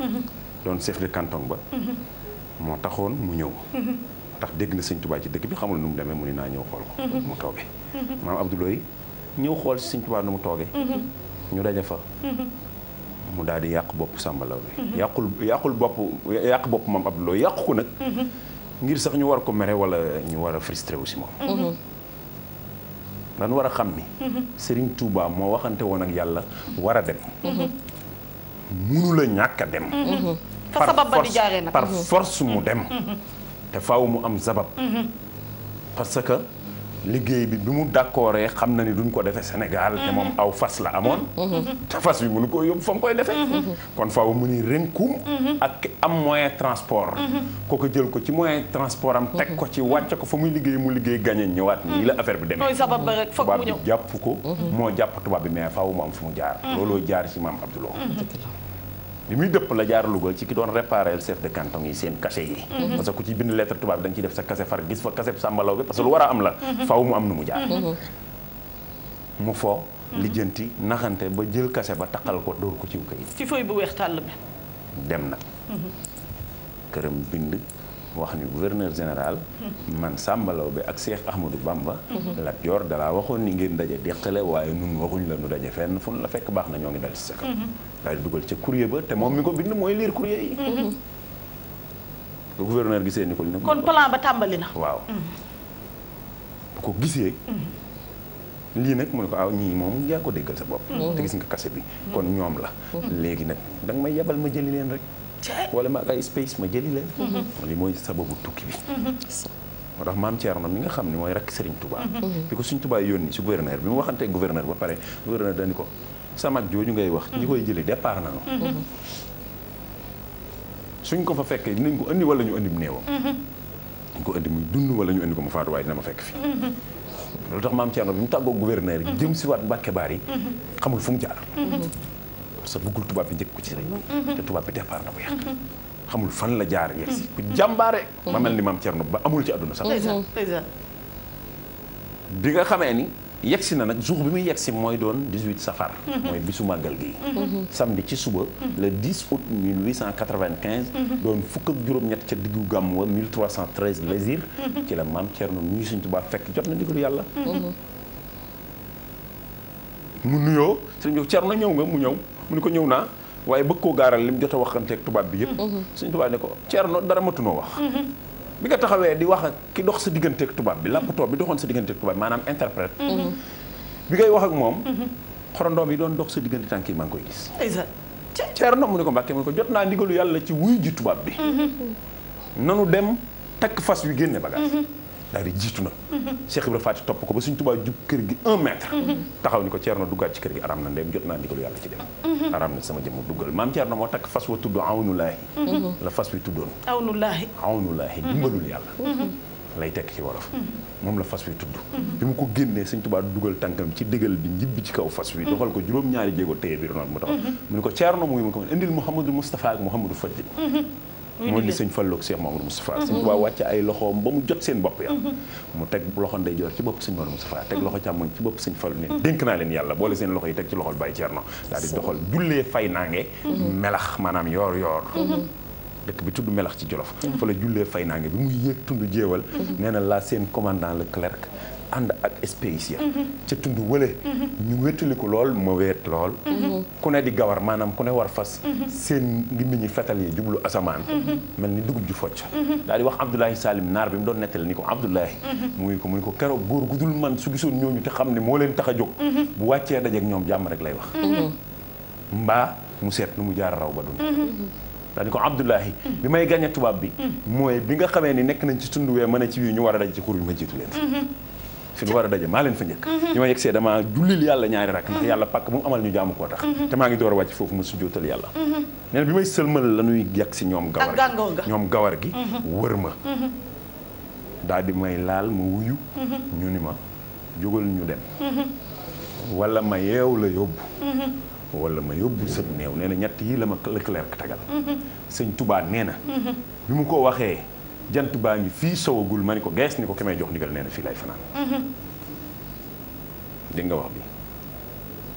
doon chef de canton ba. moo taxoon mu ñëw. tax dégg na sëñ Tuubaa ci dëkk bi xamul nu mu demee mu ni naa ñëw xool ko. mu toobee maam Abdoulou ñëw xool si Sëñ Tuubaa na mu toogee. Mhm. ñu daje fa. Mhm. mu daal di yàq bopp Samba Laobé mhm. yàqul yàqul bopp yàq bopp moom Abdou Lo yàq ko nag. ngir sax ñu war ko mere wala ñu war a frustré wu si moom. dañ war a xam ni. sëriñ tuubaa moo waxante woon ak yàlla war a dem. munu la ñàkk a dem. te sabab ba di jaaree nag par force mu dem. te faaw mu am sabab. parce que. liggéey bi bi mu d'accordee xam na ni duñ ko defee Sénégal te moom aw fas la amoon te fas bi mënu ko yóbbu fa mu koy defee kon faaw mu ni rënkum ak am moyen transport kooku jël ko ci moyen transport am teg ko ci wàcc ko fa muy liggéey mu liggéey gagné ñëwaat nii la affaire bi demee tubaab bi jàpp ko moo jàpp tubaab bi mais faw mu am fu mu jaar looloo jaar ci maam Abdoulaye bi muy dëpp la jaar Louga ci ki doon réparé le chef de canton yi seen cachet yi mhm. parce que ku ci bind lettre tubaab da nga ciy def sa cachet far gis fa cachet sàmbalaw bi parce que lu war a am la mhm. faw mu am nu mu jaar mhm. mu fo lijjanti naxante ba jël kase ba taqal ko dóor ko ciw kayit ci feuille bu weex tàll bi dem na këram bind wax ni gouverneur général man Samba Laobé ak Cheikh Ahmadou Bamba Lat Joor dalaa waxoon ni ngeen daje déqale waaye nun waxuñ la nu daje fenn fu nu la fekk baax na ñoo ngi dal ci sa kaw daal di dugal ca courrier ba te moom mi ko bind mooy lire courrier yi bu gouverneur gisee ni ko ne kon plan ba tàmbali na waaw mm-hmm. bu ko gisee mm-hmm. lii nag mu ne ko aw ah, ñii moom yaa ko déggal sa bopp mm-hmm. te gis nga kase bi kon ñoom la léegi nag danga may yebal ma jëli wala ma ay space ma jëli leen. li mm-hmm. mooy sababu tukki bi. Mm-hmm. moo tax maam Thierno mi nga xam ne mooy rakk Serigne Touba. Mm-hmm. bi ko Serigne Touba yónni si gouverneur bi mu waxantee gouverneur ba pare gouverneur dañu ko sa mag jooju ngay wax. ñi koy jëlee départ nañu. suñ ko fa fekkee dinañ ko andi wala ñu andi mu néewam. dañ ko andi muy dund wala ñu andi ko mu faatu waaye dina ma fekk fii. loolu tax maam Thierno bi mu tàggoo gouverneur yi jëm si waat Mbàkke Baar yi. xamul fu mu parce que bëggul tubaab bi njëkk ko ci sëriñ bi mm-hmm. te tubaab bi départ na bu yàgg mm-hmm. xamul fan la jaar yegg si ku mm-hmm. jàmbaare ma mel ni maam Cerno ba amul ci àdduna sax bi nga xamee ni yegg si na nag jour bi muy yegg si mooy doon 18 safar mooy bisu màggal gi samedi ci suba le 10 août 1895 doon fukk ak juróom-ñett ca diggu gàmm wa 1313 lésir ci la maam Cerno nuyu Sëriñ Tuubaa fekk jot na ndigalu yàlla mu nuyoo Sëriñ Cerno ñëw nga mu ñëw mu ni ko ñëw naa waaye bëgg koo gaaral li mu jot a waxanteeg tubaab bi yëpp mhm. suñ tubaab ne ko Thierno dara matunoo wax mhm. bi nga taxawee di wax ak ki dox sa digganteeg tubaab bi lappatoo bi doxoon sa digganteeg tubaab bi maanaam interprète mhm. bi ngay wax ak moom xorondoom yi doon dox sa diggante tànk yi maa ngi koy gis Thierno mu ne ko Mbàkke mu ne ko jot naa ndigalu yàlla ci wuy ji tubaab bi nanu dem takk fas wi génne bagage daal di jiitu na Cheikh Ibra Faty topp ko ba suñ tubaab jub kër gi un mètre taxaw ni ko Ceerno duggaat ci kër gi aram na ndem jot naa ndigalu yàlla ci dem aram na sama jëmm duggal maam Ceerno moo takk fas wa tudd awnulaahi la fas wi tuddoon awnulaahi awnulaahi dimbalul yàlla lay tekk ci wolof moom la fas wi tudd bi mu ko génnee suñ tubaat dugal tànkam ci digal bi njibbi ci kaw fas wi doxal ko juróom-ñaari jéego téye biir noonu mu taxaw mu ni ko Ceerno mu ngi mu ko indil Mouhamadou Moustapha ak Mouhamadou Fadil mooy li sëñ moom ak Cheikh Mamadou Moustapha sëñ Tuubaa mm-hmm. wàcc ay loxoom ba mu jot seen bopp ya mm-hmm. mu teg loxo ndeyjoor ci bopp sëñ Mamadou Moustapha teg mm-hmm. loxo càmmoñ ci bopp sëñ Fallu ni dénk naa leen yàlla boole seen loxo yi teg ci loxol Baye Thierno daal di doxal jullee fay naange melax maanaam yoor yoor dëkk bi tudd melax ci Jolof fa la jullee fay naa ngi bi mu yéeg tund jéewal nee laa seen commandant le clerc ànd ak spécial mhm. ca tund wële mhm. ñu wéttaliku lool ma weet lool mhm. ku ne di gawar maanaam ku ne war fas seen ngimbi ñi fetal yi jublu asamaan mel ni dugub ju focc daal di wax Abdoulaye Salim naar bi mu doon nettali ni ko Abdoulaye muy ko muy ko keroog góor gu man su ñooñu te xam ne moo leen tax jóg bu wàccee dajeek ñoom jàmm rek lay wax mbaa mu seet nu mu jaar raw ba dund daal di ko Abdoulahi bi may gàñe tubaab bi mooy bi nga xamee ni nekk nañ ci tund wee mën a ci wii ñu war a daj ci xur bi ma jiitu leen fi ñu war a daje maa leen fa njëkk ñu mhm. ma yegsee damaa jullil yàlla ñaari rakk ndax mhm. yàlla pàkk mu amal ñu jàmm koo tax mhm. te maa ngi door a wàcc foofu mu sujjootal yàlla nee bi may sëlmal la ñuy yàgg si ñoom gawar gi ñoom gawar gi wër ma daal may laal ma wuyu ñu ni ma jógal ñu dem wala ma yeew la yóbbu wala ma yóbbu sëb néew nee na ñett yii la ma Leclerc tagal sëñ Touba nee na bi mu ko waxee jant baa ngi fii sowagul ma ni ko gees ni ko ki may jox ndigal nee fii lay fanaan mhm. dégg nga wax bi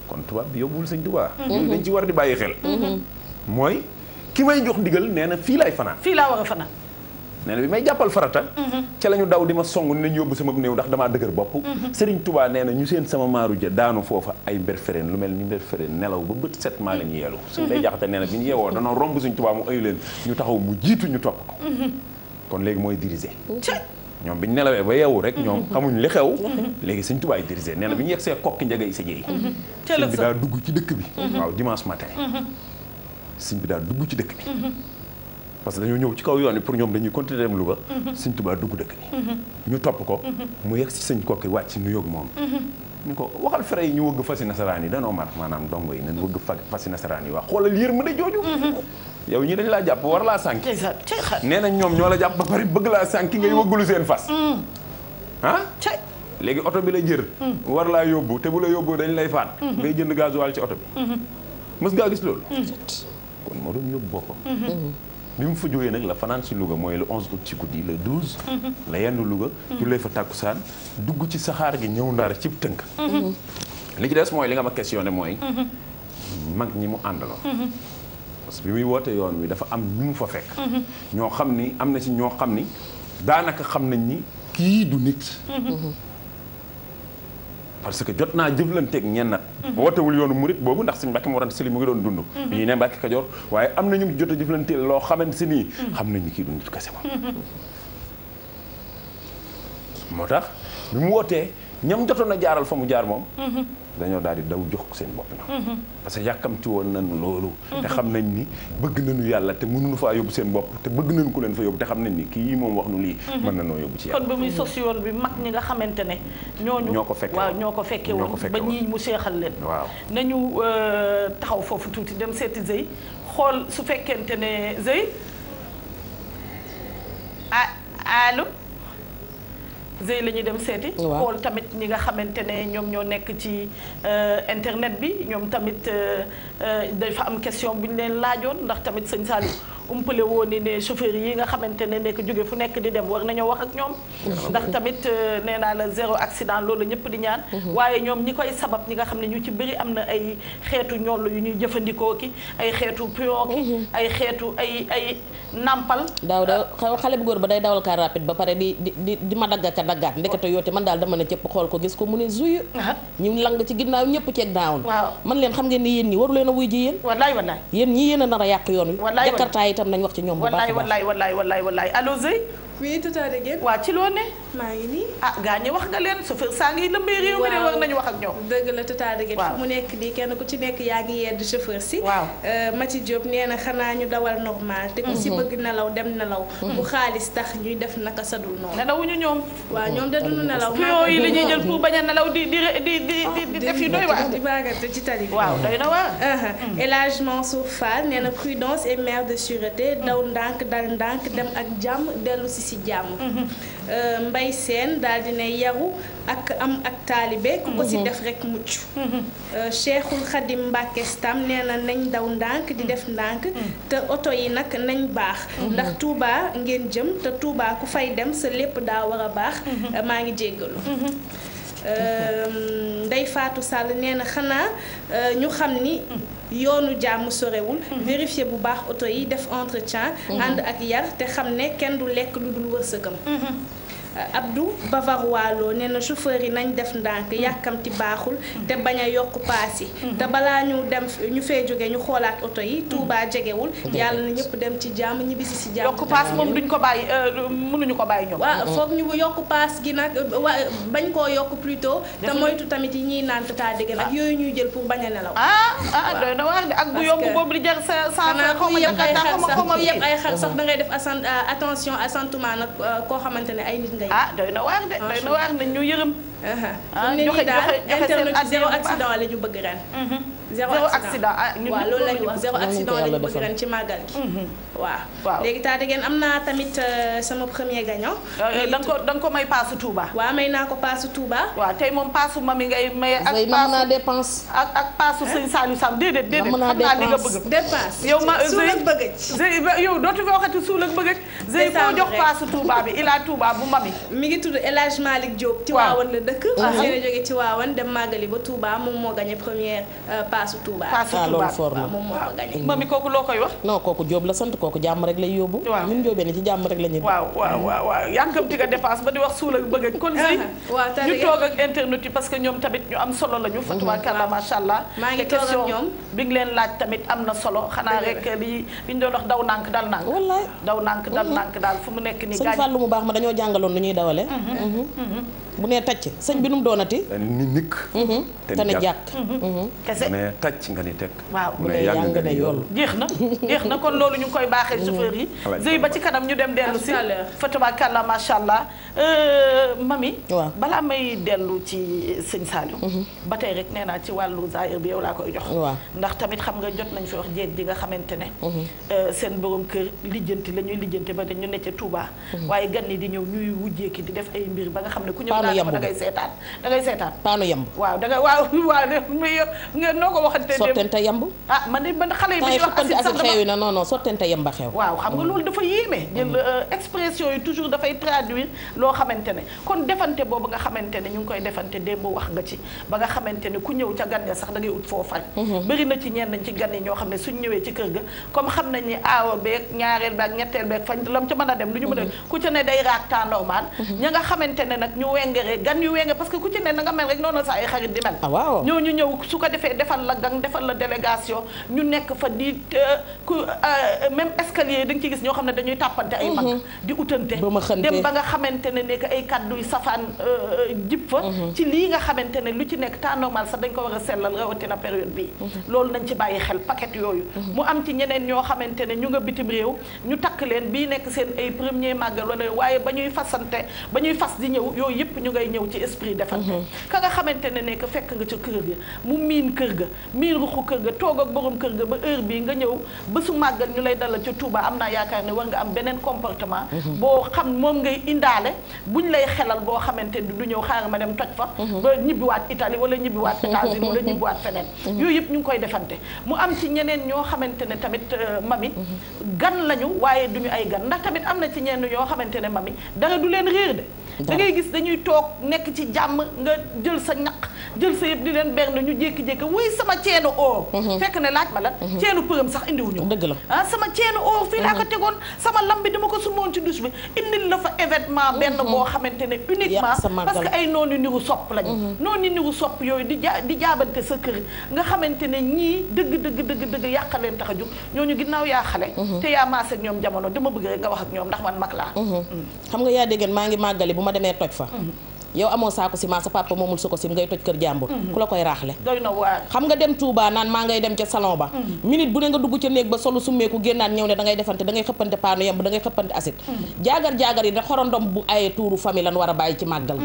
kon tubaab bi yóbbuwul sëñ tubaab yooyu mhm. dañ ci war di bàyyi xel mhm. mooy ki may jox ndigal nee na fii lay fanaan fii laa war a fanaan nee na bi may jàppal farata ca la daw di ma song ni nañu yóbbu sama néew ndax damaa dëgër bopp sëriñ tubaa nee na ñu seen sama maaru ja daanu foofa ay mber fereen lu mel ni mber fereen nelaw ba bët set maa leen yeelu suñ lay jaxate nee na bi ñu yeewoo danoo romb suñ tubaa mu ayu leen ñu taxaw mu jiitu ñu topp kon léegi mooy diriger. ñoom bi ñu nelawee ba yeewu rek ñoom xamuñ li xew léegi sëñ tubaay dirisé nee na bi ñu see kokki njagay sa jeey sëñ bi daa dugg ci dëkk bi waaw dimanche matin sëñ bi dugg ci dëkk parce que dañoo ñëw ci kaw yoon yi pour ñoom dañuy continuer dem Louga sëñ tubaa dugg dëkk bi ñu topp ko mu yegg si sëñ kokki wàcc nuyoog moom ñu ko waxal frais yi ñu wëgg fasi nasaraan yi danoo mar maanaam dongo yi nañ wëgg fasi nasaraan yi wax xoolal yërmande jooju mm-hmm. yow ñi dañ laa jàpp war laa sànk nee nañ ñoom ñoo la jàpp ba pare bëgg laa sànk ngay mm-hmm. wëggulu seen fas mm-hmm. ah léegi oto bi la jër war laa yóbbu te bu la yóbbu dañ lay faat ngay jënd gasoil ci oto bi mës ngaa gis loolu kon moo doon yóbbu boppam bi mu fa jógee nag la fanaan si Louga mooy le 11 août ci guddi le 12. Mhm. la yenn luga jullee fa tàkku tàkkusaan dugg ci saxaar gi ñëw Ndar cib tënk. Mhm. li ci des mooy li nga ma questionné mooy. Mhm. mag ñi mu àndaloo. parce que bi muy woote yoon wi dafa am ñu mu fa fekk. ñoo xam ni am na ci ñoo xam ni daanaka xam nañ ni kii du nit. parce que jot naa jëflanteeg ñenn mhm. wootewul yoonu murit boobu ndax suñu Mbàkke Mor Anta Sali mu ngi doon dund mhm. bi ñu ne Mbàkke Kajoor waaye am na ñu jot a jëflanteel loo xamante nii mhm. xam nañu kii dund kese moom moo tax bi mu wootee ñam jotoon a jaaral fa mu jaar moom. Mhm. dañoo daal di daw jox ko seen bopp na mhm. parce que yàkkamti woon nañu loolu. te mhm. xam nañ ni bëgg nañu yàlla te mënuñu faa yóbbu seen bopp te bëgg nañu ko leen fa yóbbu te xam nañ ni kii moom wax nu lii. mën na noo yóbbu ci yàlla. kon ba muy sos yoon bi mag ñi nga xamante ne. ñooñu ñoo ko fekke waaw ñoo ko fekke woon ba ñii mu seexal leen. waaw nañu euh, taxaw foofu tuuti dem seeti Zey xool su fekkente ne Zey ah allo. Zey la ñuy dem seeti. xool tamit ñi nga xamante ne ñoom ñoo nekk ci euh, internet bi ñoom tamit euh, euh, dafa am question bu ñu leen laajoon ndax tamit sëñ Saliou umpale woon ni ne chauffeur yi nga xamante ne nekk jóge fu nekk di dem war nañoo wax ak ñoom. ndax tamit nee naa la zéro accident loolu ñëpp di ñaan. Mhm. waaye ñoom ñi koy sabab ñi nga xam ne ñu ci bëri am na ay xeetu ñoll yu ñuy jëfandikoo ki ay xeetu pion ki mhm. ay xeetu ay ay nampal. daaw daaw xale bu góor ba day dawal car rapide ba pare di di di ma dagg daggaat ndekete yoote man daal dama ne cëpp xool ko gis ko mu ne zuyu ñu lang ci ginnaaw ñëpp ceeg daawun man leen xam ngeen ni yéen ñi waru a wuy ji yéen wallaay ñi yéen a nar a yàq yoon wi jakartaa itam nañ wax ci ñoom bu baax wallaay wallaay wallaay wallaay oui tout à fait. waa ci loo ne. maa ngi nii. ah gaa ñi wax nga leen chauffeur saa ngi lëmbee réew mi de war nañu wax ak ñoom. dëgg la tout mu nekk nii kenn ku ci nekk yaa ngi yedd chauffeur si. waaw euh, Mati Diop nee na xanaa ñu dawal normal. te ku si mhm. bëgg nelaw dem nelaw. Mhm. bu xaalis tax ñuy def naka sadul noonu. nelawuñu ñoom. waaw ñoom da duñu nelaw. maa yi la ñuy jël pour bañ a nelaw di di di di oh, di def yu doy waar. di baagante ci tali bi. waaw doy na waar. Uh-huh. Mm. Elage Mansour Fall mm. dem ak jàmm dellu si ci jàmm euh, mbay seen daal dina yaru ak am ak taalibe ku ko si mhm. def rekk mucc mhm. euh, Cheikhul Khadim Mbacke Stam nee na nañ daw ndànk di def ndànk mhm. te oto yi nag nañ baax ndax tuubaa ngeen jëm te Touba ku fay dem sa lépp daa war a baax euh, maa ngi jéggalu Ndey faatu Sall nee na xanaa ñu xam ni yoonu jàmm sorewul. Mhm. vérifier bu baax oto yi def entretien. Mhm. ànd ak yar te xam ne kenn du lekk lu dul wërsëgam. Mhm. Abdou Bavarois loo nee na chauffeur yi nañ def ndànk yàkkamti baaxul te bañ a yokk paas yi te balaa ñu dem ñu fee jóge ñu xoolaat oto yi Touba jegewul mm-hmm. yàlla na ñëpp dem ci jàmm ñibbisi si jàmm yokk paas moom duñ ko bàyyi euh, mënuñu ko bàyyi ñoom waaw foog ñu yokk paas gi nag euh, wa bañ koo yokk plutôt te moytu tamit yi ñuy naan tata dégg ak ah. yooyu ñuy jël pour bañ a nelaw ah ah doy na waar de ak bu yomb boobu di jar sa sa xaw ma ay xar sax da ngay def euh, attention assentement nag koo xamante ne ay nit nga ah doy na waar de doy na waar nañ ñu yërëm ah joxe joxe ak zéro accident la ñu bëgg ren. Mm-hmm. zéro accident ah ñu waaw loolu la ñu wax zéro accident la ñu mm-hmm. am naa tamit euh, sama premier gagnant. Euh, euh, da nga ko da nga ko may paasu Touba. waaw naa ko paasu Touba. waaw tey moom paasu mami ngay may. ak paasu mën naa dépense. ak ak paasu sëñ Saliou Sam déedéet déedéet. xam naa li nga bëgg dépense. yow ma suul ak bëgg ci. suul ak bëgg ci. paasu Touba bi Ila Touba bu mami. mi ngi tudd El Hadj ci waawoon la dëkk. yéen a jógee ci ba Touba moom moo la sant kooku la ñuy. waaw waaw mm. waaw waaw yànkamti nga dépense ba di wax suul mm-hmm. maa ngi toog ñoom bi nga leen laaj tamit am na solo xanaa rek li li ñu doon daw nànk dal mm-hmm. nànk. daal fu mu nekk nii. gaañ suñu fàllu mu baax ma dañoo jàngaloon lu ñuy dawale. Mm-hmm. bu nee tàcc sëñ bi nu mu doonati. ni nikk. Mhm. te ne jàkk mhm. Mhm. kese mais tàcc nga ni teg. waaw bu dee yàgg nga ne yool jeex na jeex na kon loolu ñu ngi koy baaxee chauffeur yi. zëy ba ci kanam ñu dem dellu si. fa tabarakallah macha allah euh, mami. waaw balaa may dellu ci sëñ Saliou. ba tey rek nee naa ci wàllu zaahir bi yow laa koy jox. ndax tamit xam nga jot nañ fi wax jéeg ji nga xamante ne. Euh, seen borom kër lijjanti la lijjanti ba dañu ne ca Touba. waaye gan yi di ñëw ñuy wujjeeki di def ay mbir ba paanu yamb da ngay seetaan da da ngay waaw waaw nga noo ko waxante sottente yamb ah man de man xale yi dañuy wax acide sax xew na non non sottente yamba xew mm. mm. euh, xamante ne ñu ngi koy defante démb wax nga ci ba nga xamante ne ku ñëw ca gan ga sax da ut foo faj mm-hmm. ci ñenn ci gan yi ñoo xam ne suñ ñëwee ci kër ga comme xam nañ aawa beeg ñaareel beeg ñetteel beeg fañ lam ca mën a dem lu ñu mën a mm-hmm. ku ca ne day raak temps normal nga xamante ne nag ñu weng magere gan yu wenge parce que ku ci ne na nga mel rek noonu sa ay xarit di mel ah, waaw ñooñu ñëw su ko defee defal la gang defal la délégation ñu nekk fa di euh, ku euh, même escalier da nga ci gis ñoo xam ne dañuy tàppante ay mag mhm. di utante dem ba nga xamante ne nekk ay kàdduy safaan euh, jib fa mhm. ci lii nga ne lu ci nekk temps normal sax dañ ko war a sellal rawatina période bii mhm. loolu nañ ci bàyyi xel paquet yooyu mu am ci ñeneen ñoo xamante ne ñu nga bitim réew ñu takk leen bii nekk seen ay premier màggal wala waaye ba ñuy fasante ba ñuy fas di ñëw yooyu yëpp ñu ngay ñëw ci esprit defar mm-hmm. ka nga xamante ne nekk fekk nga ca kër ga mu miin kër ga miin ruxu kër ga toog ak borom kër ga ba heure bii nga ñëw bésu màggal ñu lay dalal ca Touba am naa yaakaar ne war nga am beneen comportement mm-hmm. boo xam moom ngay indaale buñ lay xelal boo xamante ni du ñëw xaaral ma dem toj fa mm-hmm. ba ñibbiwaat Italie wala ñibbiwaat États-Unis wala ñibbiwaat feneen yooyu yëpp ñu koy defante mu am ci ñeneen ñoo xamante ne tamit euh, mami gan lañu waaye duñu ay gan ndax tamit am na ci ñenn ñoo xamante ne mami dara du leen réer de da gis dañuy toog nekk ci jàmm nga jël sa ñaq jël sa yëpp di leen benn ñu jékki-jékki wuy sama ceenu oor mhm. fekk ne laaj ma lan mhm. ceenu përëm sax indiwuñu dëgg la ah sama ceenu oor fii laa ko mhm. tegoon sama lam bi dama ko sumoon ci douche bi indil la fa événement benn boo xamante ne ma parce que ay noonu niru sopp lañu noonu niru sopp yooyu di ja di jaabante sa kër nga xamante ne ñii dëgg dëgg dëgg dëgg yàq leen tax a jóg ñooñu ginnaaw yaa xale te yaa maase ak ñoom jamono dama bëgg rek nga wax ak ñoom ndax man mag laa mm. xam nga yaa dégg maa ngi màggali bu ma demee toj fa yow amoo saako ciment sa papa moomul sa ko sim ngay toj kër jàmbur mm-hmm. ku la koy raaxle xam nga dem Touba maa ngay dem ca salon ba mm-hmm. minute bu ne nga dugg ca néeg ba solu summeeku génnaat ñëw ne da ngay defante da ngay xëppante paanu yemb da ngay xëppante acide mm-hmm. jaagar jaagar yi da xorondom bu ayee tuuru famille lan war a bàyyi ci màggal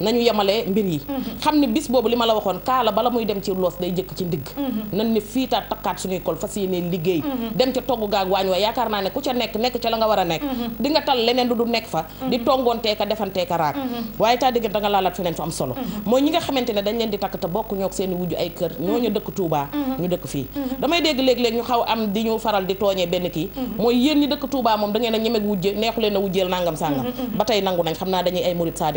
nañu yemale mbir yi mhm. xam ne bis boobu li ma la waxoon kaala bala muy dem ci loos day jëkk ci ndigg mhm. nan ne fiitaat takkaat suñuy kol fas yéene liggéey mhm. dem ca togg gaag waañ wa yaakaar naa ne ku ca nekk nekk ca la nga war a nekk di nga tal leneen lu du nekk fa di tongoonteeka defanteeka raak waaye taa diggante da nga laalaat feneen fu am solo mooy ñi nga xamante ne dañ leen di takk te bokk ñoog seen i wujju ay kër ñoo ñu dëkk Touba ñu dëkk fii damay léeg-léeg ñu am di ñu faral di tooñee benn kii mooy yéen ñi dëkk Touba moom a ñemeeg wujje leen a wujjeel nangam sàngam ba tey nangu nañ xam naa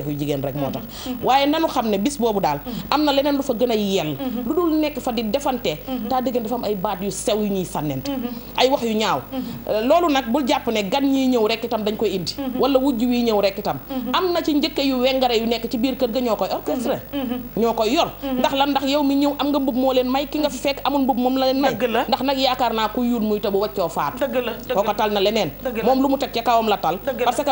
jigéen rek moo tax Mm-hmm. waaye nanu xam ne bis boobu daal mm-hmm. am na leneen lu fa gën a yell mm-hmm. lu dul nekk fa di defante taa dëggante dafa ay baat yu sew yu ñuy sànnent ay wax yu ñaaw euh, loolu nag bul jàpp ne gan ñiy ñëw rek itam dañ koy indi wala wujj wi ñëw rek itam am na ci njëkke yu wengare yu nekk ci biir kër ga ñoo koy orchestre ñoo koy yor ndax lan ndax yow mi ñëw am nga mbub moo leen ki nga fekk amul mbub moom la leen may ndax nag yaakaar naa ku yuun muy na leneen moom lu mu teg ca kawam la tal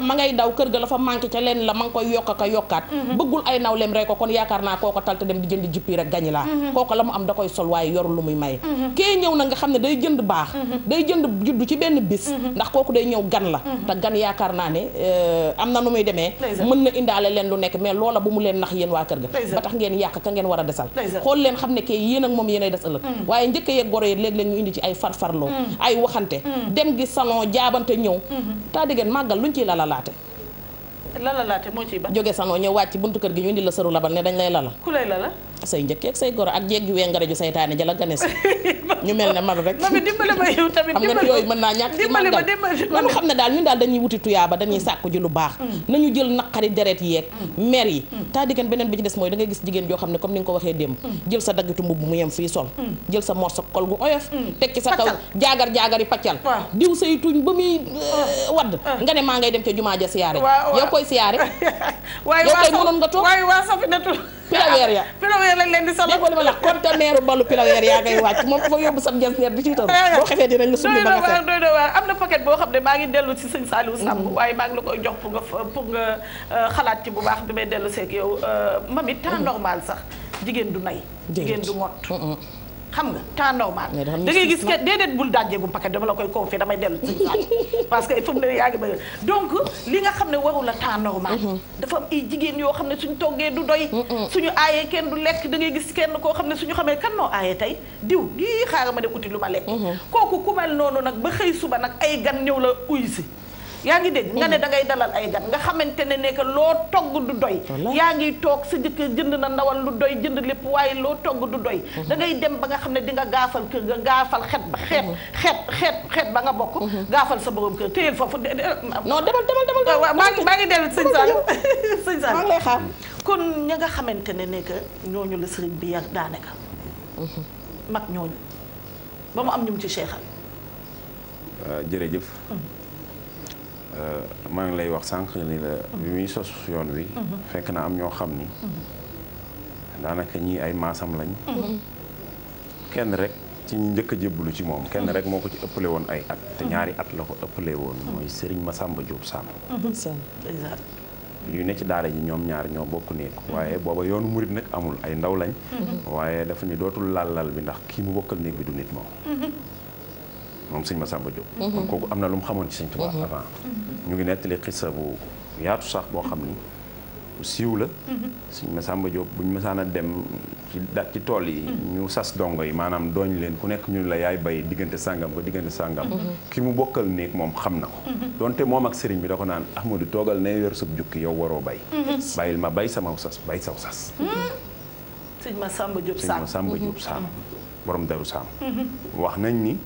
ma ngay daw kër ga la fa manqué ca leen la ma ngi koy yokk ka yokkaat bëggul ay nawleem rey ko kon yaakaar naa kooko tal dem di jënd jippi rek gañi laa mm-hmm. kooko la mu am da koy sol waaye yorul lu muy maye mm-hmm. kee ñëw na xam ne day jënd baax mm-hmm. day jënd juddu ci benn bis ndax kooku day ñëw gan la te gan yaakaar naa ne euh, am na nu muy demee mën na indaale leen lu nekk mais loola bu mu leen nax yéen waa kër ga ba tax ngeen yàq ka ngeen war a desal xool leen xam ne kee yéen ak moom yéenay des ëllëg mm. waaye njëkk yeeg goro yi léeg leen ñu indi ci ay far farfarloo mm. ay waxante mm. dem gi salon jaabante ñëw taa diggéen màggal luñ ciy lalalaate lala laate moo ciy ba jóge sanoo ñëw wàcc buntu kër gi ñu indi la sëru laban ne dañ lay lala fa say njëkk ak say goro ak jéeg ju wengara ju saytaane jala gane si ñu mel ne man rek mami dimbale yow da mm. mm. mm. ngay gis joo xam ne comme ni nga ko waxee démb jël sa daggitu mbubb mu yem sa morso ba muy oh. eh, wadd oh. nga ne maa ngay dem ca jumaa ja siyaare yow koy siyaare yow koy mënoon waaye waa safinatu pilaweer ya pilaweer lañ leen di solo déggoo li ma la conteneeru balu pilaweer yaa ngay wàcc moom ko fa yóbbu sam jas neer di tiitar eh, boo xefee dinañ la summi ba nga fet doy na waar am na paquet boo xam ne maa ngi dellu si sëñ Saliou Samb mm-hmm. waaye maa ngi la koy jox pour nga euh, xalaat ci bu baax bi may dellu seek yow euh, mami temps mm-hmm. normal sax jigéen du nay jigéen du mot mm-hmm. xam nga tàndaw maa da ngay gis que déedéet bul dajjeegum paquet dama la koy confier damay dellu suñu parce que il faut ne yaa ngi bëgg donc li nga xam ne warul la tàndaw maa mm-hmm. dafa am ay xam ne suñu toggee du doy suñu aayee kenn du lekk da ngay gis kenn koo xam ne suñu xamee kan noo aayee tey diw di xaaral ma dem uti lu ma lekk mm-hmm. kooku ku noonu nag ba xëy suba nag ay gan ñëw la uy si yaa ngi dégg nga ne da ngay dalal ay gan nga xamante ne nekk loo togg du doy yaa ngi toog sa jëkkër jënd na ndawal lu doy jënd lépp waaye loo togg du doy mhm. da ngay dem ba nga xam ne di gaafal kër nga gaafal xeet ba xeet mhm. xeet xeet xeet ba nga bokk mhm. gaafal sa borom kër téyel foofu non demal demal demal waaw maa ngi dellu sëñ Sall sëñ Sall maa ngi lay xaar ña nga xamante ne ne que ñooñu la sëriñ bi yar daanaka mag ñooñu ba mu am ñum ci seexal ah, jërëjëf Euh, maa ngi lay wax sànq ni la bi muy sos yoon wi mhm. fekk na am ñoo xam ni mhm. daanaka ñii ay maasam lañ mhm. kenn rek ci ñu njëkk a jébbalu ci moom kenn rek moo ko ci ëppale woon ay at te ñaari at la ko ëppale woon mooy sëriñ Masamba Diop Samb yu ne ci daara ji ñoom ñaar ñoo bokk nekk waaye booba yoonu murit nag amul ay ndaw lañ waaye dafa ni dootul laal lal bi ndax kii mu bokkal néeg bi du nit moom moom sëñ ma Diop. kon mhm. kooku am na lu mu xamoon ci sëñ Tuubaa mhm. avant mhm. ñu ngi nekk nettali xisa bu yaatu sax boo xam ni bu siiw la sëñ Massamba Diop buñ masaan a dem ci da ci tool yi ñu sas dongo yi maanaam dooñ leen ku nekk ñu la yaay bay diggante sàngam ko diggante sàngam ki mu bokkal néeg moom xam na ko donte moom ak sëriñ bi da ko naan Ahmadou toogal ne yor sub jukki yow waroo bay bàyyil ma bay sama sas bay saw sas sëñ Massamba Diop Sam borom daru Sam wax nañ ni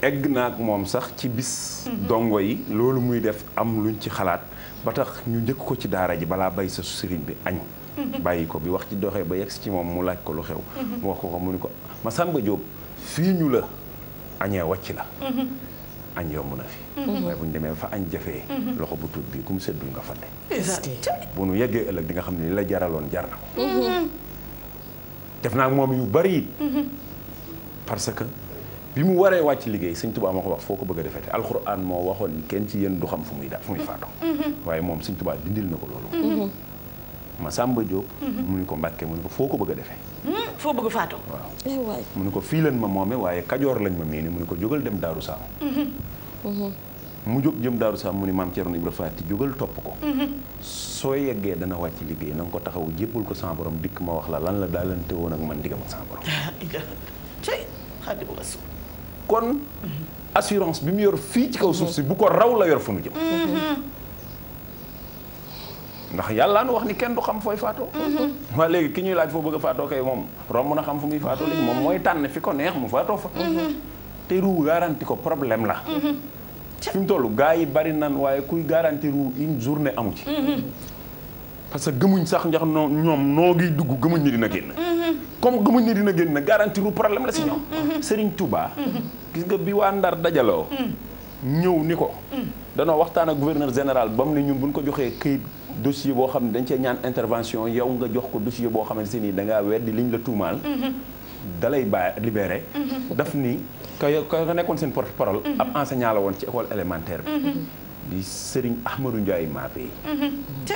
egg naag moom sax ci bis mhm. dongo yi loolu muy def am luñ ci xalaat ba tax ñu njëkk ko ci daara ji balaa bay sa sëriñ bi añ mhm. bàyyi ko bi wax ci doxee ba yegg ci moom mu laaj ko lu xew mhm. mu wax ko ko mu ni ko Masamba Jóob fii ñu la añee wàcc la añ yomb na fi waaye bu ñu demee fa añ jafee loxo bu tuut bii ku mu seddul nga fande bu nu yeggee ëllëg di nga xam ne li la jaraloon jar na ko def naa moom yu bari parce que bi mu waree wàcc liggéey sëñ Tuubaa moo ko wax foo ko bëgg a defete alxuraan moo waxoon ni kenn ci yéen du xam fu muy da fu muy faatoo mm-hmm. waaye moom sëñ Tuubaa dindil na ko loolu mm-hmm. Masamba Diop mm-hmm. mu ni ko Mbàkke mu ni ko foo ko bëgg a defee foo bëgg eh mu ni ko fii lañ ma moome waaye Kajoor lañ ma miine mu ni ko jógal dem Daaru Saam mu jóg jëm Daaru Saam mu ni maam Cerno Ibra Faati jógal topp ko soo yeggee dana wàcc liggéey na nga ko taxaw jébbal ko sama borom dikk ma wax la lan la daalante woon ak man diggam ak sama borom kon assurance bi mu yor fii ci kaw suuf si bu ko raw la yor fu nu jëm ndax yàlla nu wax ni kenn du xam fooy faatoo waa léegi ki ñuy laaj foo bëgg a faatoo kay moom romb na xam fu muy faatoo léegi moom mooy tànn fi ko neex mu faatoo fa te ruu garanti ko problème la fi mu toll gars yi bari nan waaye kuy garanti ruu une journée amu ci parce que gëmuñ sax ndax ñoom noo ngi dugg gëmuñ ni dina génn comme gëmuñ ni dina génn garantir u problème la si ñoom. Mm-hmm. Mm-hmm. Serigne Touba. Mm-hmm. gis nga bi waa Ndar dajaloo. ñëw ni ko. danoo waxtaan ak gouverneur général ba mu ne ñun bu ñu ko joxee këyit dossier boo xam ne dañ cee ñaan intervention yow nga jox ko dossier boo xamante nii da ngaa weddi liñ la tuumaal. dalay ba libéré. daf ni ka ka nekkoon seen porte parole. ab enseignant la woon ci école élémentaire bi. di Serigne Ahmadou Ndiaye Mapé. te.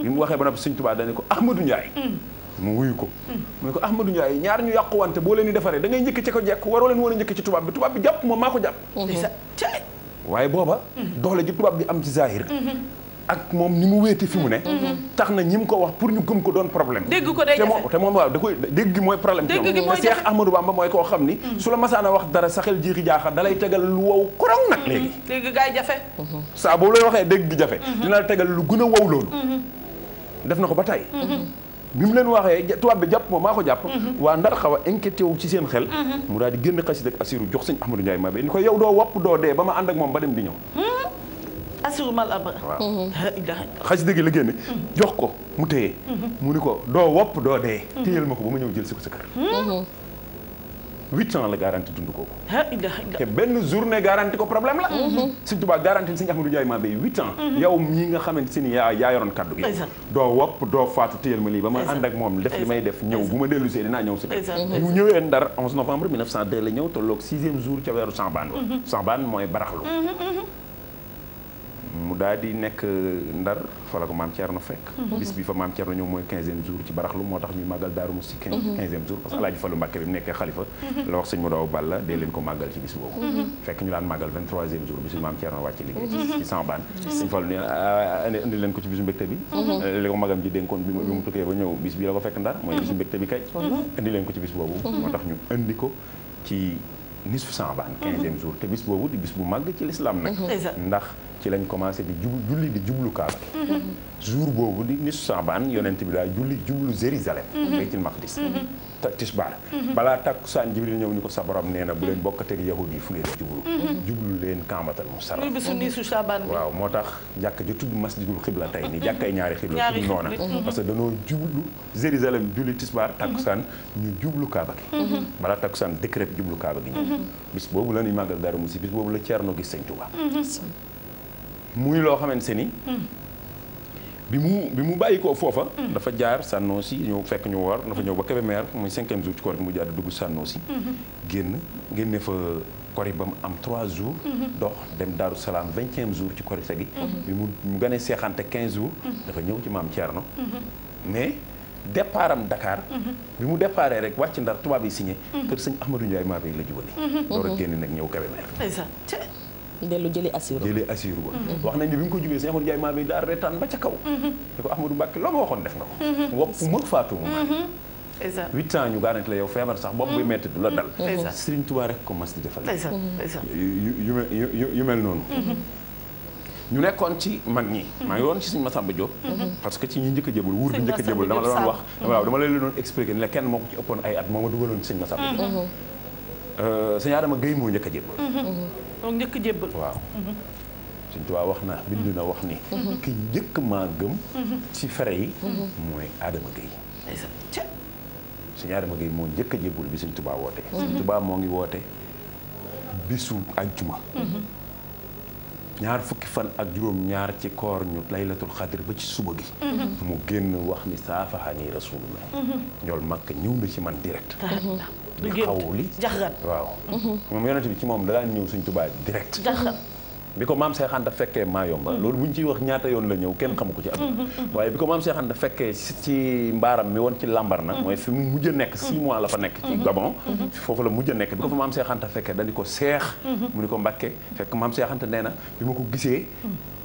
yi mu waxee ba noppi Serigne tubaa dañ ko Ahmadou njaay mu wuyu ko mu ne ko Ahmadou ay ñaar ñu yàquwante boo leen di defaree dangay ngay njëkk ci ko jekk waroo leen woon a njëkk ci tubaab bi tubaab bi jàpp moom maa ko jàpp mhm. waaye booba doole ji tubaab bi am ci zahir mhm. ak moom ni mu wéete fi mu ne mhm. tax na ñi mu ko wax pour ñu gëm ko doon problème dégg ko day jafe te moom waaw da koy dégg gi mooy problème te Seex Ahmadou Bamba mooy koo xam ni su la masaana wax dara sa xel jiixi jaaxa dalay tegal lu wow korong nag léegi dégg gaay jafe saa boo lay waxee dégg gi jafe dina la tegal lu gën a wow loolu def na ko ba tey bi mu leen waxee tubaab bi jàpp moom maa ko jàpp mhm. waa ndar xaw a inquiété wu ci seen xel mhm. mu daal di génn xasida ak asiru jox sëñ Ahmadou Ndiaye Mabé ni ko yow doo wopp doo dee ba ma ànd ak moom ba dem di ñëw mhm. asiru mal abra waaw xasida gi la génne jox ko mu téye mu ni ko doo wopp doo dee téyel ma ko ba ma ñëw jël si ko sa kër huit ans la garanti dund kooku ah, te benn ne garanti ko problème la mhm. mm-hmm. Sëñ Tuubaa garanti Sëñ jaay Ndiaye Mabéye huit ans mhm. yow ñi nga xamante si ni yaa yaa yoroon kaddu doo wopp doo faatu téyal ma lii ba ma ànd ak moom def li may def ñëw bu ma dellu see danaa ñëw si ñu ñëwee Ndar 11 novembre 1902 la ñëw tolloog sixième jour ca weeru Sambaan wa mhm. Sambaan mooy baraxlu mu daal di nekk ndar fa ko maam Thierno fekk. Mhm. bis bi fa maam Thierno ñëw mooy quinzième jour ci baraxlu moo tax ñuy màggal Daaru Musti mhm. quinzième jour parce que mhm. Alaaji Fallu Mbàkke bi mu nekkee xalifa la wax sëñ Modaw Balla dee leen ko màggal ci bis boobu. fekk ñu daan màggal indi leen ko ci bis boobu. moo tax ñu indi ko ci nisfu Sambane quinzième jour te bis boobu di bis bu màgg ci lislaam nag ndax ci lañ commencé bi jub julli di jublu Kaaba mhm. jour boobu di nisu Saabaan yonent bi daal julli jublu Jérusalem mhm. baytul maqdis mhm. tisbaar balaa tàkkusaan Jibril ñëw ni ko sa borom nee na bu leen bokkateeg yahud yi fu ngeen jublu jublu leen Kaamatal Musarraf waaw moo tax jàkk ji tudd masjidul xibla tey ni jàkkay ñaari xibla tudd noona parce que danoo jublu Jérusalem julli tisbaar tàkkusaan ñu jublu Kaaba gi balaa tàkkusaan décret jublu Kaaba gi ñëw bis boobu la ñuy màggal Daaru Muxti bis boobu la Ceerno gis Sëñ Tuubaa muy loo xamante ni. bi mu bi mu bàyyi ko foofa. Mm. dafa jaar Sànnoosi ñëw fekk ñu woor dafa ñëw ba Kébémer muy cinquième jour ci koor bi mu jaar dugg Sànnoosi. Mm-hmm. génn génne fa kori ba mu am trois jour mm-hmm. dox dem Daaru Salaam vingtième jour ci korite gi. Mm-hmm. bi mu mu gënee seexante quinze jour dafa ñëw ci maam Thierno. mais départ dakaar bi mu départ rek wàcc ndar tubaab yi signé. kër sëñ Ahmadou maa bay la jubali. door a génn nag ñëw Kébémer. dellu jëli assur jëli assur mhm. wax nañ ne bi mu ko jubee Cheikh Ndiaye maa bay daal reetaan ba ca kaw mhm. ne ko Ahmadou Mbacke loo ma waxoon def nga ko mhm. wopp ma faatu ma huit ñu garanti la yow feebar sax bopp buy metti la dal Serigne Touba rek ko mas di defal yu mel noonu ñu nekkoon ci mag ñi maa ngi woon ci Serigne Massamba Diop parce que ci ñi njëkk a jébul wuur bi njëkk a jébul dama la doon wax waaw dama la ni la kenn moo ko ci ëppoon ay at moo ma dugaloon Serigne Massamba Diop Euh, sëñ Adama Guèye moo njëkk jébbal. donc mhm. mhm. njëkk jébbal. waaw. Mhm. sëñ Tuubaa wax na bind na wax ni. ki njëkk maa gëm. ci fere yi. mooy Adama Guèye. ndeysaan sëñ Adama moo njëkk a jébbal bi sëñ Tuubaa woote. sëñ Tuubaa moo ngi woote bisu àjjuma. ñaar fukki fan ak juróom ñaar ci koor ñu laylatul xadir ba ci suba gi. mu génn wax ni saafaxani rasulullah. ñool makk ñëw na ci man direct. du gént li jaxran waaw mhm. moom yonent bi ci moom dalaan ñëw suñ tubaa direct jaxran bi ko maam Seexanta fekkee maa yomba mhm. loolu buñ ciy wax ñaata yoon la ñëw kenn mhm. xamu ko ci am waaye bi ko maam Seexanta fekkee ci mbaaram mi woon ci lambar na mooy fi mu mujj a nekk six mois la fa nekk ci Gabon foofu la mujj a nekk bi ko fa maam Seexanta fekkee dañu ko seex mu ni ko mbakkee fekk maam Seexanta nee na bi ma ko gisee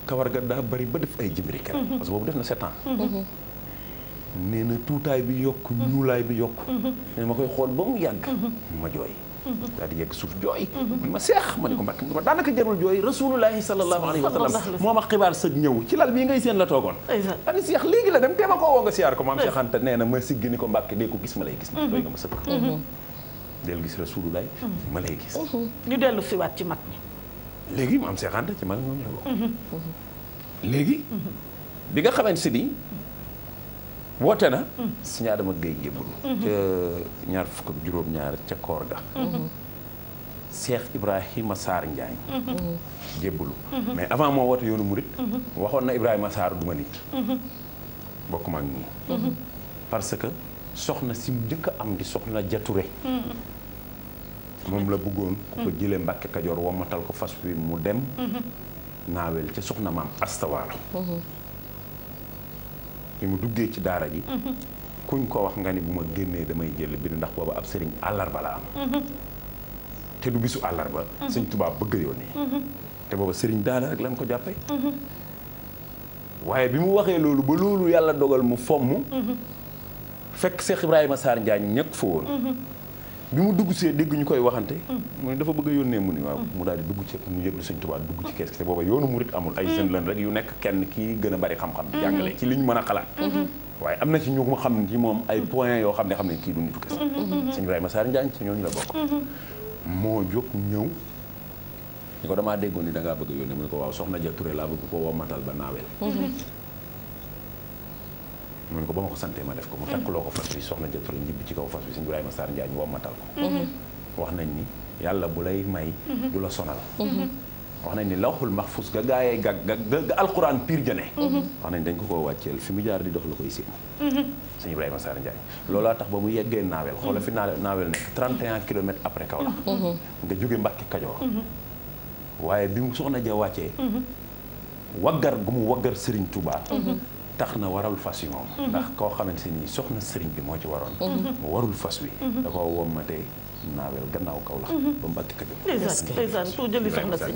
kawar ga daa bari ba def ay jimrikat parce que boobu def na sept ans nee tuutaay bi yokk ñuulaay bi yokk nee ma koy xool ba mu yàgg ma jooy daal di yegg suuf jooy mun ma seex ma ne ko mbàkk ma daanaka jarul jooy rasulullahi sallallahu alayhi wa sallam moo ma xibaar sëg ñëw ci lal bii ngay seen la toogoon ani seex léegi la dem te ma koo woo nga siyaar ko maam Seex Anta nee na ma sigg ni ko mbàkke dee ko gis ma lay gis ma mhm. doy nga ma sëkk mhm. del mhm. ma lay gis ñu dellu si waat ci mag léegi maam am Anta ci mag moom la léegi bi nga xamante si ni woote na Sëñ Adama Gueye jébbalu ca ñaar fukk ak juróom-ñaar ca koor ga Cheikh Ibrahima Sarr Njaañ jébbalu mais avant moo woote yoonu murit waxoon na Ibrahima Sarr duma nit bokkuma ak ñii parce que soxna si mu njëkk am di soxna jature moom la bëggoon ku ko jëlee Mbàkke Kajoor wamatal ko fas wi mu dem naawel ca soxna maam astawaalo bi mu duggee ci daara ji mhm. kuñ ko wax nga ni bu ma génnee damay jël bi ndax booba ab sëriñ àllarba la am mhm. te du bisu àllarba mhm. sëñ Tuubaa bëgg a te booba sëriñ daara rek lañ ko jàppee waaye bi mu waxee loolu ba loolu yàlla dogal mu fomm fekk Cheikh Ibrahima Sarr Njaañ ñekk fa woon bi mu dugg see dégg ñu koy waxante hmm. mu ne dafa bëgg a yónnee mu ni waaw hmm. mu daal di dugg ci mu yëglu sëñ Tuubaa dugg ci kees gi te booba yoonu murit amul ay jeune hmm. lan rek yu nekk kenn kii gën a bari xam-xam jàngale ci ñu mën a xalaat waaye am na ci ñu ma xam ci moom ay point yoo xam ne xam ne kii du nitu kese sëñ ma Sarr Njaañ ci ñooñu la bokk moo jóg ñëw ni ko damaa déggoon ni da bëgg a ne mu ne ko waaw soxna ja Touré laa bëgg ko wommatal ba naawel mun ko ba ma ko santee ma def ko mu takkloo ko fas bi soxna jëtoro njibbi ci kaw fas bi sëñ Ibrahima Sarr Ndiaye ñu wammatal ko mhm. wax nañ ni yàlla bu lay may mhm. du la sonal mhm. wax nañ ni lawxul maxfuus ga gaayee ga ga alquran pir jane wax nañ dañ ko koo wàcceel fi mu jaar di dox la koy séen sëñ Ibrahima Sarr Ndiaye loolaa tax ba mu yeggee naawel xoola fi naawel nekk 31 kilomètres après Kaolack nga jóge Mbàkke Kajoor waaye bi mu soxna ja wàccee waggar gu mu waggar Serigne Touba tax na waral fas yi moom mhm. ndax koo xamante ni soxna sëriñ bi moo ci waroon mhm. warul fas wi mhm. da ko wommatee naawel gannaaw kaw la ba mbàkki ka jëli soxna si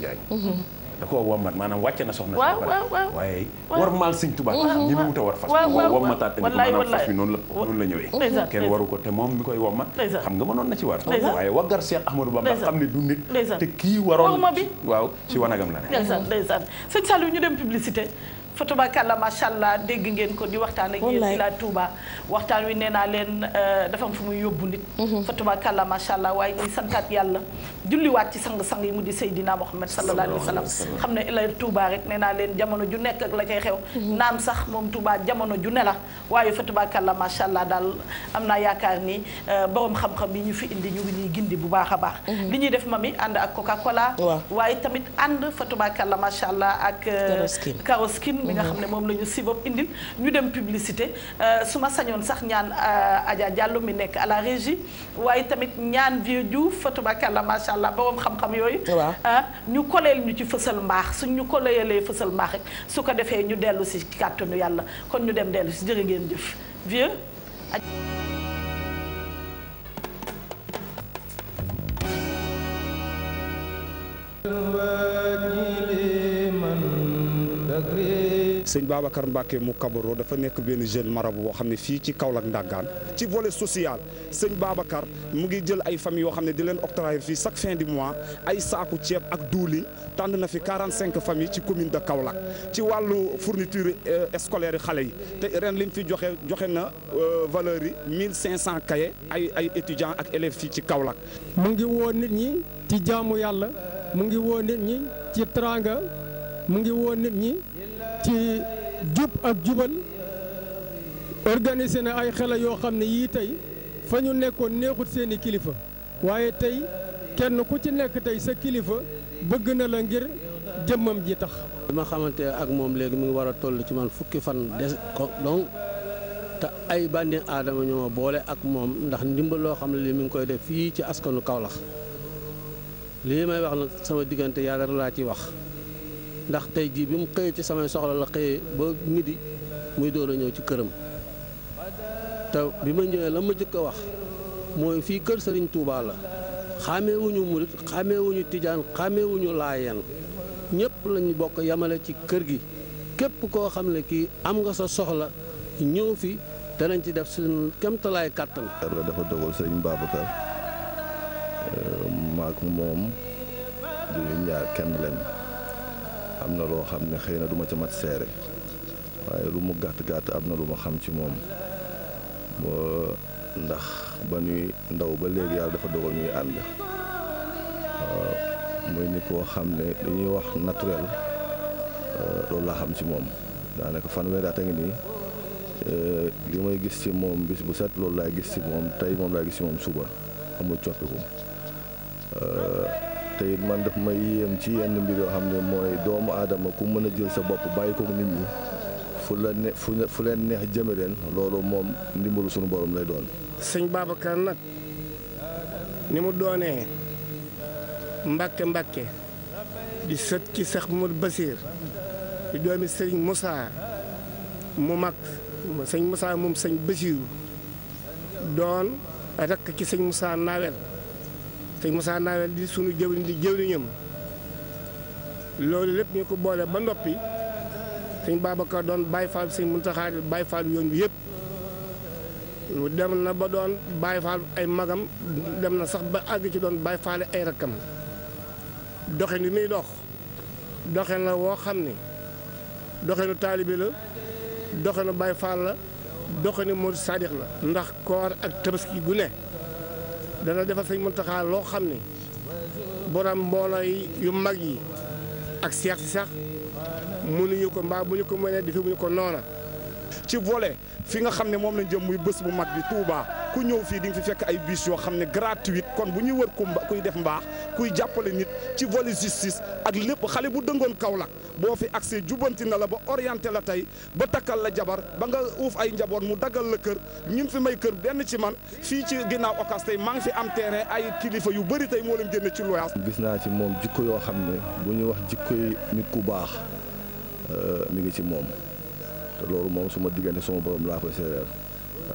da koo wommat maanaam wàcce na soxna si ba waaye war maal sëñ Tuubaa ñi mu wut a war fas wi wommataat tamit maanaam fas wi noonu la noonu la ñëwee kenn waru ko te moom mi koy wommat xam nga mënoon na ci war waaye waggar Cheikh Ahmadou Bamba xam ne du nit te kii waroon waaw ci wanagam la ne ndeysaan ndeysaan ñu dem publicité Fatouba Kalla macha allah dégg ngeen ko di waxtaan ak yéen ci la Touba waxtaan wi nee naa leen euh, dafa am fu muy yóbbu nit. Fatouba mhm. Kalla macha allah waaye ñuy santaat yàlla julliwaat ci sang-sang yi mu di Seydina Mohamed sallallahu alayhi wa sallam xam ne ila Touba rek nee naa leen jamono ju nekk ak la cay xew. Mhm. naam sax moom Touba jamono ju ne la waaye Fatouba Kalla macha allah daal am naa yaakaar ni euh, borom xam-xam yi ñu fi indi ñu ngi ñuy gindi bu baax a baax. Mhm. li ñuy def ma mi ànd ak Coca Cola. waaye tamit ànd Fatouba la macha allah ak. Karoskin euh, mi nga xam ne moom la ñu sibop indi ñu dem publicité euh, su ma sañoon sax ñaan euh, Adja Diallo mi nekk à la régie waaye tamit ñaan vieux Diouf fatubakàlla macha allah borom xam-xam yooyu euh, ñu koleel ñu ci fësal mbaax suñ ñu koleelee fësal mbaax rek su ko defee ñu dellu si kàttanu yàlla kon ñu dem dellu si jërë ngeen jëf vieux sëñ Babacar Mbacke mu kabaro dafa nekk benn jeune marabu boo xam ne fii ci Kaolack ndàggaan ci volet social señ Babacar mu ngi jël ay famille yoo xam ne di leen octroyer fii chaque fin du mois ay saaku ceeb ak duuli tànn na fi 45 familles ci commune de Kaolack ci wàllu fourniture euh, scolaire yi xale yi te ren lim fi joxe joxe na euh, valeur yi 1500 cahiers ay ay étudiants ak élèves fii ci Kaolack. mu ngi woo nit ñi ci jaamu yàlla mu ngi woo nit ñi ci teraanga. mu ngi woon nit ñi ci jub ak jubal organisé na ay xale yoo xam ne yii tey fa ñu nekkoon neexut seeni kilifa waaye tey kenn ku ci nekk tey sa kilifa bëgg na la ngir jëmmam ji tax. bi ma xamante ak moom léegi mu ngi war a toll ci man fukki fan des ko donc te ay bàndi aadama ñoo ma boole ak moom ndax ndimbal loo xam ne li mi ngi koy def fii ci askanu Kaolack lii may wax nag sama diggante yàlla laa ciy wax. ndax tey jii bi mu xëyee ci samay soxla la xëyee ba midi muy door ñëw ci këram te bi ma ñëwee la ma jëkk a wax mooy fii kër Serigne Touba la xàmmeewuñu murit xàmmeewuñu xàmmewuñu xàmmeewuñu laayeen ñëpp lañu bokk yamale ci kër gi képp koo xam ne kii am nga sa soxla ñëw fi danañ ci def suñu kemtalaay kàttan. yàlla dafa dogal Serigne Babacar euh, maak moom du ñu ñaar kenn lañ. am na loo xam ne xëy na duma ma ca mat seere waaye lu mu gàtt gàtt am na lu ma xam ci moom ndax ba ñuy ndaw ba léegi yàlla dafa dogal ñuy ànd mooy ni koo xam ne dañuy wax naturel loolu laa xam ci moom daanaka fanweeri at a ngi nii li may gis ci moom bis bu set loolu laay gis ci moom tey moom laay gis ci moom suba amul coppiku. te it man daf may yéem ci yenn mbir yoo xam ne mooy doomu aadama ku mën a jël sa bopp bàyyi ko nit ñi fu la leen neex jëme leen loolu moom ndimbalu suñu borom lay doon. sëñ Babacar nag ni mu doonee mbàkke mbàkke di sët ci sax mu Basiir di doomi sëñ Moussa mu mag sëñ Moussa moom sëñ Basiiru doon rakk ci sëñ musaa Nawel. sëñ Moussa Nawel di sunu jëwriñ di jëwriñam loolu lépp ñu ko boole ba noppi sëñ Babacar doon Baye Fall sëñ Mountakha Baye Fall yoon bi yëpp lu dem na ba doon Baye Fall ay magam dem na sax ba àgg ci doon Baye Fall ay rakkam doxe ni muy dox doxe na woo xam ni doxe nu taalibi la doxe nu Baye la doxe ni Modou la ndax koor ak tabaski gu ne dana defal sëñ Muntaxa loo xam ne borom mbooloo yu mag yi ak seex si sax mënuñu ko mbaa bu ñu ko mënee defee bu ñu ko noona ci volet fi nga xam ne moom lañ jëm muy bës bu mag bi Touba ku ñëw fii di nga fi fekk ay bus yoo xam ne gratuite kon bu ñuy wër ku kuy def mbaax kuy jàppale nit ci volet justice ak lépp xale bu dëngoon Kaolack boo fi accès jubbanti na la ba orienté la tey ba takkal la jabar ba nga uuf ay njaboot mu daggal la kër ñun fi may kër benn ci man fii ci ginnaaw Ocass tey maa ngi fi am terrain ay kilifa yu bëri tey moo leen génne ci loyaas. gis naa ci moom jikko yoo xam ne bu ñuy wax jikko yi nit ku baax euh, mi ngi ci moom te loolu moom suma diggante sama borom laa koy séeréer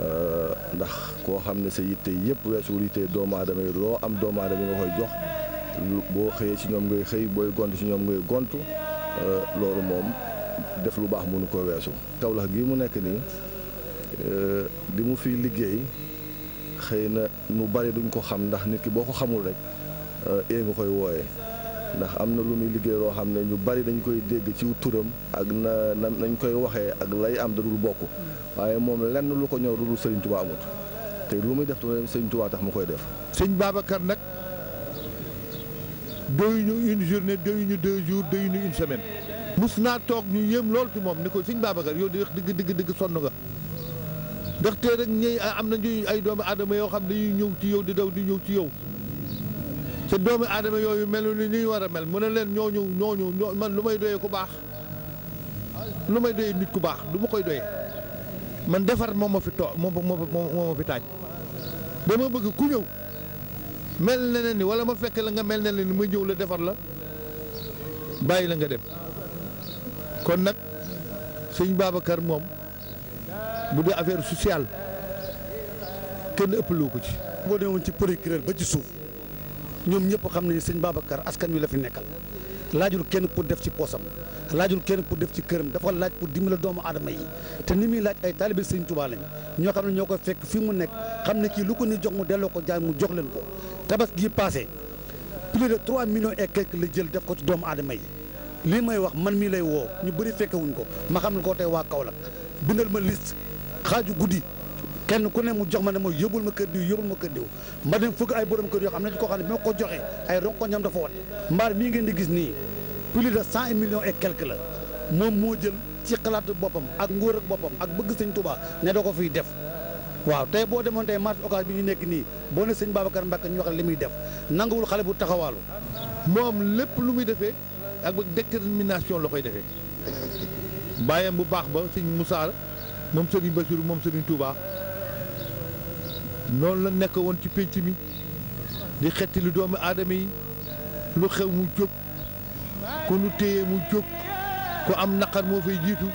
euh, ndax koo xam ne sa yitte yëpp weesu yitte doomu aadama yi am doomu aadama yi nga jox. boo xëyee ci ñoom ngay xëy booy gont ci ñoom ngay gont euh, loolu moom def lu baax mënu ko weesu lax gi mu nekk nii euh, li mu fi liggéey xëy na ñu bari duñ ko xam ndax nit ki boo ko xamul rek euh, ee nga koy wooyee ndax am na lu muy liggéey loo xam ne ñu bari dañ koy dégg ci turam ak na nañ koy waxee ak lay am da bokk waaye moom lenn lu ko ñor lu dul Sëriñ Tuubaa amut te lu muy def du Sëriñ Tuubaa tax mu koy def sëñ Babacar nag doyuñu une journée doyuñu deux jours doyuñu une semaine mus naa toog ñu yëm lool ci moom ni ko siñ Babacar yow di wax dëgg digg dëgg sonn nga ndaxte rek ñëy am nañu ay doomu aadama yoo xam dañuy ñëw ci yow di daw di ñëw ci yow te doomu aadama yooyu melu ni ñuy war a mel mu ne leen ñoo ñooñu ñoo man lu may doyee ku baax lu may doyee nit ku baax du ma koy doyee man defar moom ma fi too moom moo ma fi taaj dama bëgg ku ñëw mel na ne ni wala ma fekk la nga mel na ne ni ma ñëw la defar la bàyyi la nga dem kon nag sëñ Babacar moom bu dee affaire sociale kenn ëpp ëppaloo ko ci. boo demoon ci procureur ba ci suuf ñoom ñëpp xam nañu sëñ Babacar askan wi la fi nekkal laajul kenn pour def ci poosam laajul kenn pour def ci këram dafa laaj pour dimbali doomu adama yi te ni muy laaj ay taalibe sëñ Tuubaa lañ ñoo xam ne ñoo ko fekk fi mu nekk xam ne kii lu ko ni jox mu delloo ko jaay mu jox leen ko. tabas gi passé plus de 3 millions et quelques la jël def ko ci doomu aadama yi lii may wax man mii lay woo ñu bëri fekkewuñ ko ma xam ne ko tey waa Kaolack bindal ma liste xaaju guddi kenn ku ne mu jox ma ne mooy yóbbul ma kër diw yóbbul ma kër diw ma dem fëgg ay borom kër yoo xam ne koo xam ne bi ma ko joxee ay ronkoñam dafa wat mbaar mii ngeen di gis nii plus de cent millions et quelque la moom moo jël ci xalaat boppam ak ngóor ak boppam ak bëgg sëñ Tuubaa ne da ko fiy def waaw tey boo demoon tey marché occas bi ñu nekk nii boo ne sëñ Babacar Mbacke ñu wax li muy def nanguwul xale bu taxawaalu moom lépp lu muy defee ak détermination la koy defee bàyyam bu baax ba sëñ Moussa moom sëriñ Bassirou moom sëriñ Touba noonu la nekk woon ci pénc mi di xetti lu doomu aadama yi lu xew mu jóg ku nu téye mu jóg ku am naqar moo fay jiitu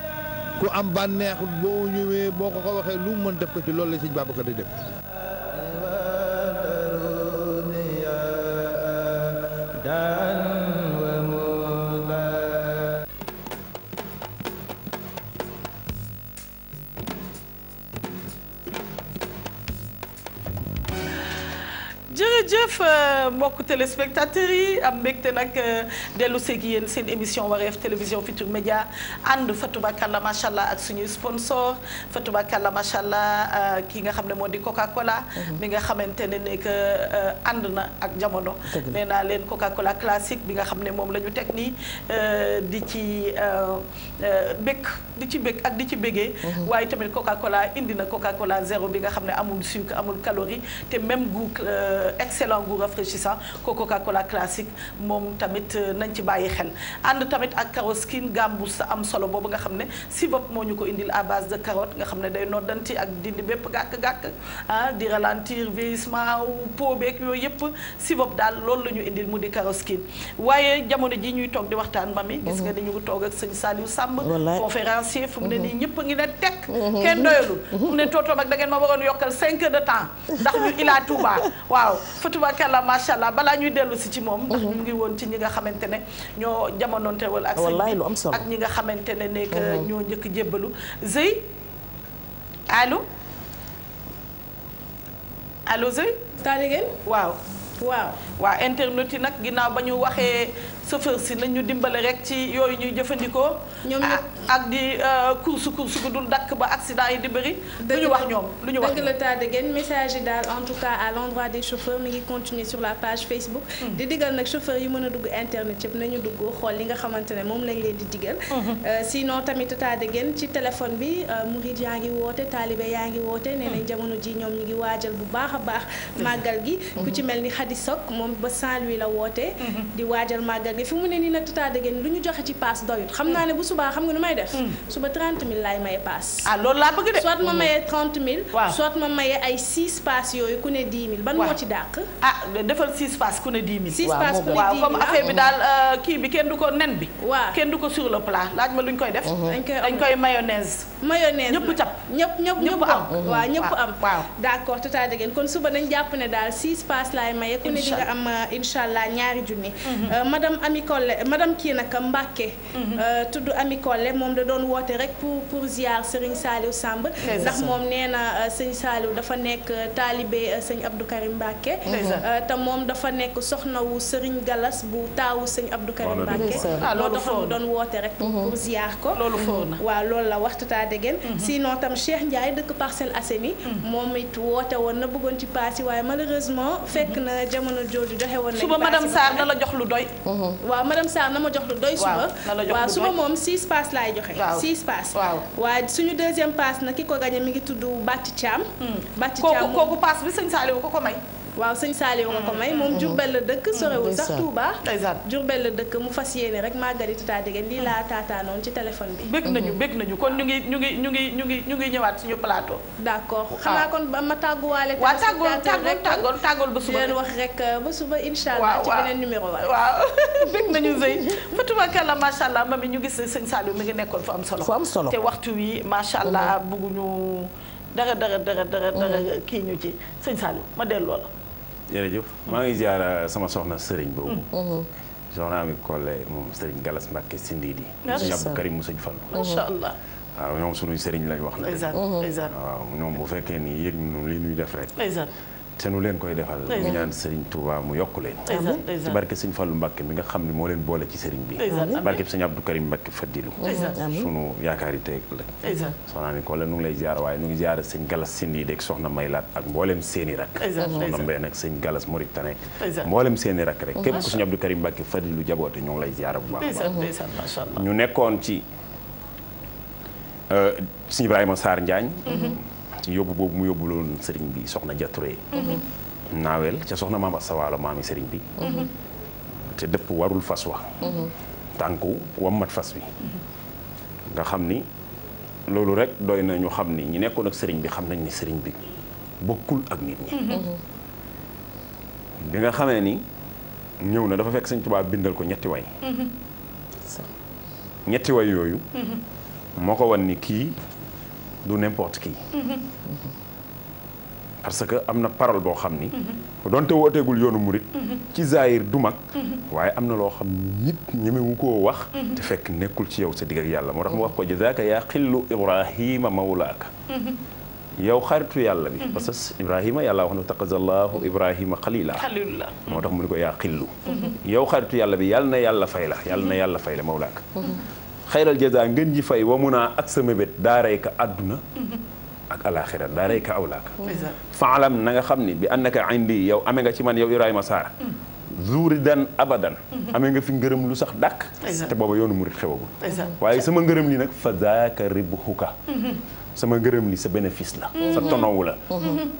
ku am bànneex boo ñëwee boo ko ko waxee lu mën def ko ci loolu la sëñ Babacar di def jërëjëf euh, mbokku téléspectateurs yi am mbégte nag euh, dellu seeg yéen seen émission wareef télévision Futur Média ànd Fatou Bakalla macha allah ak suñuy sponsor Fatou Bakalla macha allah euh, ki nga xam ne moom di Coca Cola. Mhm. mi nga xamante ne ne que ànd na ak jamono. nee naa leen Coca Cola classique bi nga xam ne moom la ñu teg nii di ci bëgg di ci bëgg ak di ci bëggee. Mhm. waaye tamit Coca Cola indi na Coca Cola zéro bi nga xam ne amul sucre amul calorie te même goût. excellent goût rafraîchissant ko coca cola classique moom tamit euh, nañ ci bàyyi xel ànd tamit ak caroskin gamme bu sa am solo boobu nga xam ne si sirop moo ñu ko indil à base de carotte nga xam ne day noddanti ak dindi bépp gàkk-gàkk ah di ralentir vieillissement peau beeg yooyu yëpp sirop daal loolu la ñu indil mu di caroskin waaye jamono ji ñuy toog di waxtaan mami gis nga mhm. ni ñu toog ak sëñ Saliou Samb conférencier fu mu ne mhm. nii ñëpp a ngi ne tekk mhm. kenn doyalul fu mu ne tootoom ngeen ma waroon yokkal 5 heures de temps ndax Fatubaakalla macha allah balaa ñuy dellusi ci moom. ndax mhm. ñu ngi woon ci ñi nga xamante ne ñoo jamonoontewal ak. wallaay lu am solo ak ñi nga xamante ne nekk mhm. ñoo njëkk jébbalu Zey allo allo Zey. taa waaw. waaw waaw internet yi nag ginnaaw ba ñu waxee. chauffeur si nañ dimbale rek ci yooyu ñuy jëfandikoo. ñoom ak di euh, course course gu dul dakk ba accident yi di bëri. lu ñu wax lu ñu wax dëgg la tàdde ngeen message yi daal tout cas à l'endroit des ngi continuer sur la page Facebook. Mm. di digal nag chauffeur a dugg internet yëpp nañu dugg xool li nga xamante ne moom lañ leen di digal. Mm-hmm. Euh, sinon tamit tàdde ngeen ci téléphone bi euh, murid yaa ngi woote taalibe yaa ngi woote mm. nee jamono ji ñoom ñu ngi waajal bu baax a baax. Mm. màggal gi ku ci mm-hmm. mel ni Khady Sock moom ba Saint-Louis la woote. Mm-hmm. di waajal màggal nag ni fi mu ne nii nag tata dëggeen lu ñu joxe ci paas doyut xam naa ne bu subaa xam nga nu may def hmm. suba 30 000 laay maye paas ah loolu laa bëgg de soit ma maye 30 000 waaw soit ma maye ay 6 paas yooyu ku ne 10 000 ban moo ci dàq ah defal 6 paas ku ne 10 000 6 paas ku ne 10 000 waaw comme affaire ah. bi daal euh, kii bi kenn du ko nen bi waaw kenn du ko sur le plat laaj ma lu ñu koy def mhm. dañ koy mayonnaise mayonnaise ñëpp cap ñëpp ñëpp ñëpp am waaw ñëpp am waaw d'accord tata dëggeen kon suba dañ jàpp ne daal 6 paas laay maye ku ne di nga am euh, incha allah ñaari junni mhm. euh, madame Ami Collé madame kii nag Mbacke. Mhm. Euh, tudd Ami Collé moom da doon woote rek pour pour ziar Serigne Saliou Samb. ndax moom nee na euh, sëñ Saliou dafa nekk euh, taalibe sëñ Abdou Karim Mbacke. te moom dafa nekk wu Serigne Galas bu taawu sëñ Abdou Karim Mbacke. ah loolu foofu doon woote rek. pour pour mhm. ziar ko. loolu foofu na waaw loolu la waxtataa dégg mhm. sinon tam Cheikh Ndiaye dëkk Parcelles Assainies. moom it woote woon na bëggoon ci paas yi waaye malheureusement fekk na jamono jooju joxe woon nañu. paas yi suba la jox lu doy. waaw madame Sarr na ma jox lu doy. suba waaw suba moom 6 pass laay joxe. waaw 6 pass. waaw waaye suñu deuxième pass na ki ko gagné mi ngi tudd Bàcc Thiam. Hmm. Bàcc Thiam ko kooku pass bi sëñ Saliou ko ko may. waaw sëñ Saliou nga ko may mm-hmm. moom Diourbel la dëkk mm-hmm. sorewul sax Touba Diourbel la dëkk mu fas yéene rek màggali Tata Degen lii laa taataanoon ci téléphone bi bëgg nañu mm-hmm. bëgg nañu kon ñu ngi ñu ngi ñu ngi ñu ngi ñu ngi ñëwaat suñu plateau d'accord xanaa kon ba ma tàgguwaale waaw tàggool tàggool tàggool tàggool ba suba leen wax rek euh, ba suba incha allah ci beneen numéro wala waaw bëgg nañu sëy fatumakàlla macha allah mami ñu gis sëñ Saliou mi ngi nekkoon fu am solo fu am te waxtu wi macha allah bëgguñu dara dara dara dara kii ñu ci sëñ Saliou ma delloo la jërëjëf maa ngi ziar euh, sama soxna Serigne boobu. Mm. Mm-hmm. soxna ami Kole moom Serigne Galas Mbacke Sindidi. Cheikh Karim Sëñ Fall. macha allah. Mm-hmm. waaw ñoom sunuy Serigne lañ wax. na mm-hmm. waaw ñoom bu fekkee ni yëg nu li ñuy def rek. te nu leen koy defal mu ñaan Serigne Touba mu yokk leen ci barke Serigne Fallou Mbacké mi nga xam ne moo leen boole ci Serigne bi barke Serigne Abdou Karim Mbacké Fadilou sunu yaakaar yi tey la soxna ni ko la nu ngi lay ziar waaye nu ngi ziar Serigne Galas Sindi yi soxna Maylaat ak mboolem seeni rak soxna Mbay nag Serigne Galas Mauritanie mboolem seeni rak rek képp ku Serigne Abdou Karim Mbacké Fadilou jaboote ñu ngi lay ziar bu baax ñu nekkoon ci euh, Serigne Ibrahima saar Njaañ mm-hmm. ci yóbbu boobu mu yóbbu loolu sëriñ bi soxna jature mhm. naaweel ca soxna maam asawaalo maami sëriñ bi mhm. te dëpp warul fas wa mhm. tànku wammat fas wi nga xam ni loolu rek doy na ñu xam ni ñu nekkoon ak sëriñ bi xam nañ ni sëriñ bi bokkul ak nit ñi bi nga xamee ni ñëw na dafa fekk sëñ Tuubaa bindal ko ñetti way ñetti way yooyu moo ko wan ni kii du n'importe qui parce que am na paral boo xam ni donte wooteegul yoonu murit ci zaayir du mag waaye am na loo xam ni nit ñemewu koo wax te fekk nekkul ci yow sa digg ak yàlla moo tax mu wax ko jazaaka yaa xillu ibrahima mawlaaka yow xaritu yàlla bi parce que ibrahima yàlla wax na taqazallahu ibrahima xalila moo tax mu ni ko ya xillu yow xaritu yàlla bi yàlla na yàlla fay la yàlla na yàlla fay la mawlaaka xayral jaza ngeen ji fay wa mun a ak sa mébét daaray ka àdduna ak alaaxira daaray ka awlaaka faalam na nga xam ni bi annaka indi yow amee nga ci man yow Ibrahima Sarr zuuri dan abadan mhm. amee nga fi ngërëm lu sax dàkk te booba yoonu murit xewagul waaye sama ngërëm li nag fa zaaka ribhuka mhm. sama ngërëm li sa bénéfice la mhm. sa tonowu la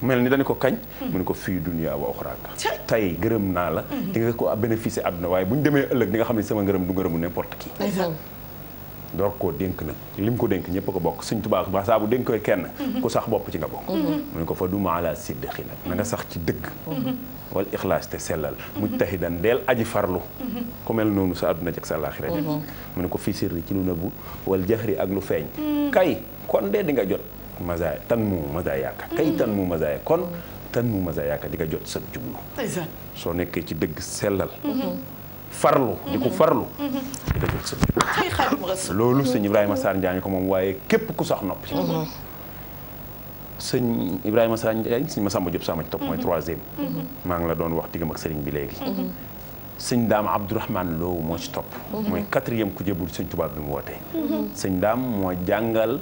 mel ni dañu ko kañ mu ne ko fii dunya wa uxraaka tey gërëm naa la di nga ko bénéfice àdduna waaye bu ñu demee ëllëg di nga xam ne sama ngërëm du ngërëmu n'importe door koo dénk nag lim ko dénk ñëpp ko bokk suñ tubaab ba saabu bu dénk koy kenn mhm. ku sax bopp ci nga bokk mhm. mu ne ko fa duma ala siddiqi nag na mhm. nga sax ci dëgg wal ixlaas te sellal mujtahidan deel aji farlu ku noonu sa àdduna jëkk sa mu ne ko fii sirri ci lu nëbbu wal jaxri ak lu feeñ kay kon dee di nga jot mazaaya tan mu mazaayaaka kay tan mu mazaaya kon tan mu mazaayaaka di nga jot sa jublu soo nekkee ci dëgg sellal farlu di ko farlu di dajul sëñ loolu sëñ Ibrahima Sarr Njaañ ko moom waaye képp ku sax nopp ci sëñ Ibrahima Sarr Njaañ sëñ Masamba Diop sama ci topp mooy troisième maa ngi la doon wax diggam ak sëriñ bi léegi sëñ daam Abdourahman Lo moo ci topp mooy quatrième ku jébul sëñ tubaab bi mu wootee sëñ daam mooy jàngal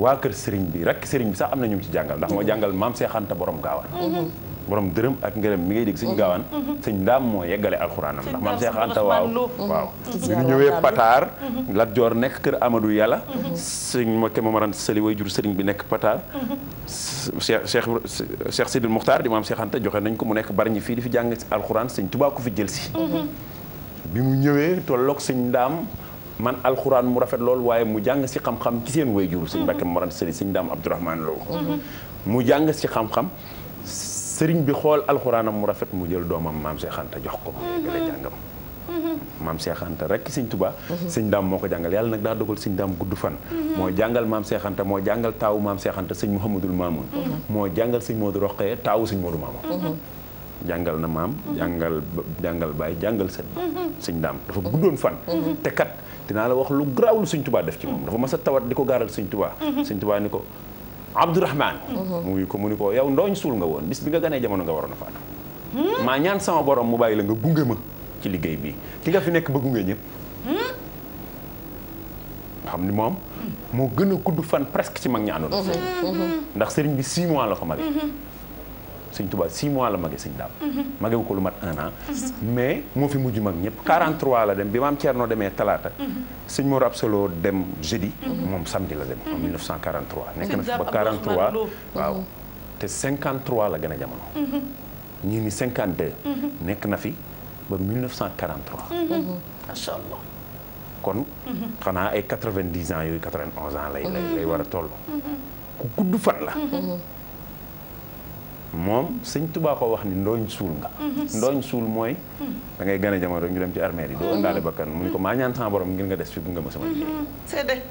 waa kër sëriñ bi rek sëriñ bi sax am na ñu ci jàngal ndax moo jàngal maam see Anta borom gaawaan borom dërëm ak ngërëm mi ngay dégg sëñ gaawaan mhm. Mhm. sëñ ndaam moo yeggale alxuraanam ndax maam Cheikh Anta waaw waaw bi ñu ñëwee Pataar mhm. Lat Joor nekk kër Amadou Yàlla sëñ Makke Mamaran Sali way jur sëriñ bi nekk Pataar Cheikh Cheikh Cheikh Sidil di maam Cheikh joxe nañ ko mu nekk bari ñi fii di fi jàng alxuraan sëñ Tuubaa ko fi jël si bi mu ñëwee tolloog sëñ ndaam man alxuraan mu rafet lool waaye mu jàng si xam ci seen way jur sëñ Mbakke Mamaran Sali sëñ ndaam Abdourahmane Lo mu jàng si xam-xam sëriñ bi xool alxuraanam mu rafet mu jël doomam maam Cheikh Anta jox ko mu mm-hmm. jàngam mm-hmm. maam Cheikh rek sëñ Tuubaa mm-hmm. sëñ daam moo ko jàngal yàlla nag daa dogal sëñ daam gudd fan moo jàngal maam moo jàngal taawu maam Cheikh Anta sëñ Mouhamadul Mamoun moo jàngal sëñ Modou Roqee taawu sëñ Modou Mamoun jàngal na maam jàngal jàngal baay jàngal sët sëñ daam dafa guddoon fan te kat dinaa la wax lu graaw lu sëñ Tuubaa def ci moom dafa ma sa tawat di ko gaaral sëñ Tuubaa sëñ Tuubaa ni ko Abdourahman mhm. mu ngi ko mu ni ko yow ndooñ suul nga woon bis bi nga ganee jamono nga waroon a faatu hmm? maa ñaan sama boroom mu bàyyi la nga gunge ma ci liggéey bi ki nga fi nekk ba gunge ñëpp hmm? xam ni moom hmm. moo gën a gudd fan presque ci mag ñi àndoon mhm. Mhm. ndax sëriñ bi six mois la ko magi sëñ Touba 6 mois la mage sëñ daam mhm. magewu ko lu mat un an mhm. mais moo fi mujj mag ñëpp 43 la dem bi maam noo demee talaata mhm. sëñ ab Absolo dem jeudi moom samedi la dem en 1943 nekk na fi ba waaw te 53 la gën jamono ñii ni nekk na fi ba 1943 macha allah kon xanaa ay 90 ans yooyu 91 ans lay lay war a toll ku gudd fan la moom sëñ Tuubaa ko wax ni ndooñ suul nga mhm. Mhm. ndooñ suul mooy mhm. da ngay gën a jamono ñu dem ci armée yi doo ëndaale bakkan mu ni ko maa ñaan sama borom ngir nga des fi bu ma sama liggéey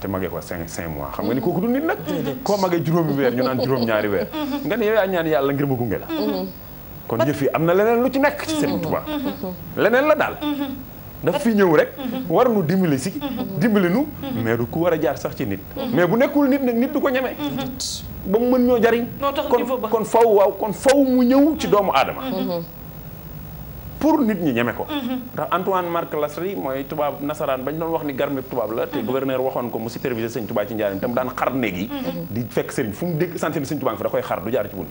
te magee ko cinq mois xam nga ni kooku du nit nag koo magee juróomi weer ñu naan juróom ñaari weer nga ni ñaan yàlla ngir ma gunge kon yëf yi am na leneen lu ci nekk ci sëñ leneen la daal daf fi ñëw rek war nu dimbali si dimbali nu mais du ku war a jaar sax ci nit mais bu nekkul nit nag nit du ko ñeme ba mu mën ñoo jariñ kon kon faw waaw kon faw mu ñëw ci mm-hmm. doomu aadama mm-hmm. Mm-hmm. pour nit ñu ñeme ko ndax Antoine Marc Lasry mooy tubaab nasaraan bañ doon wax ni garmi tubaab la te gouverneur waxoon ko mu superviser sëñ tubaa ci njaarim tam daan xar néeg yi di fekk sëriñ fu mu dégg santé ni sëñ tubaa da koy xar du jaar ci bunt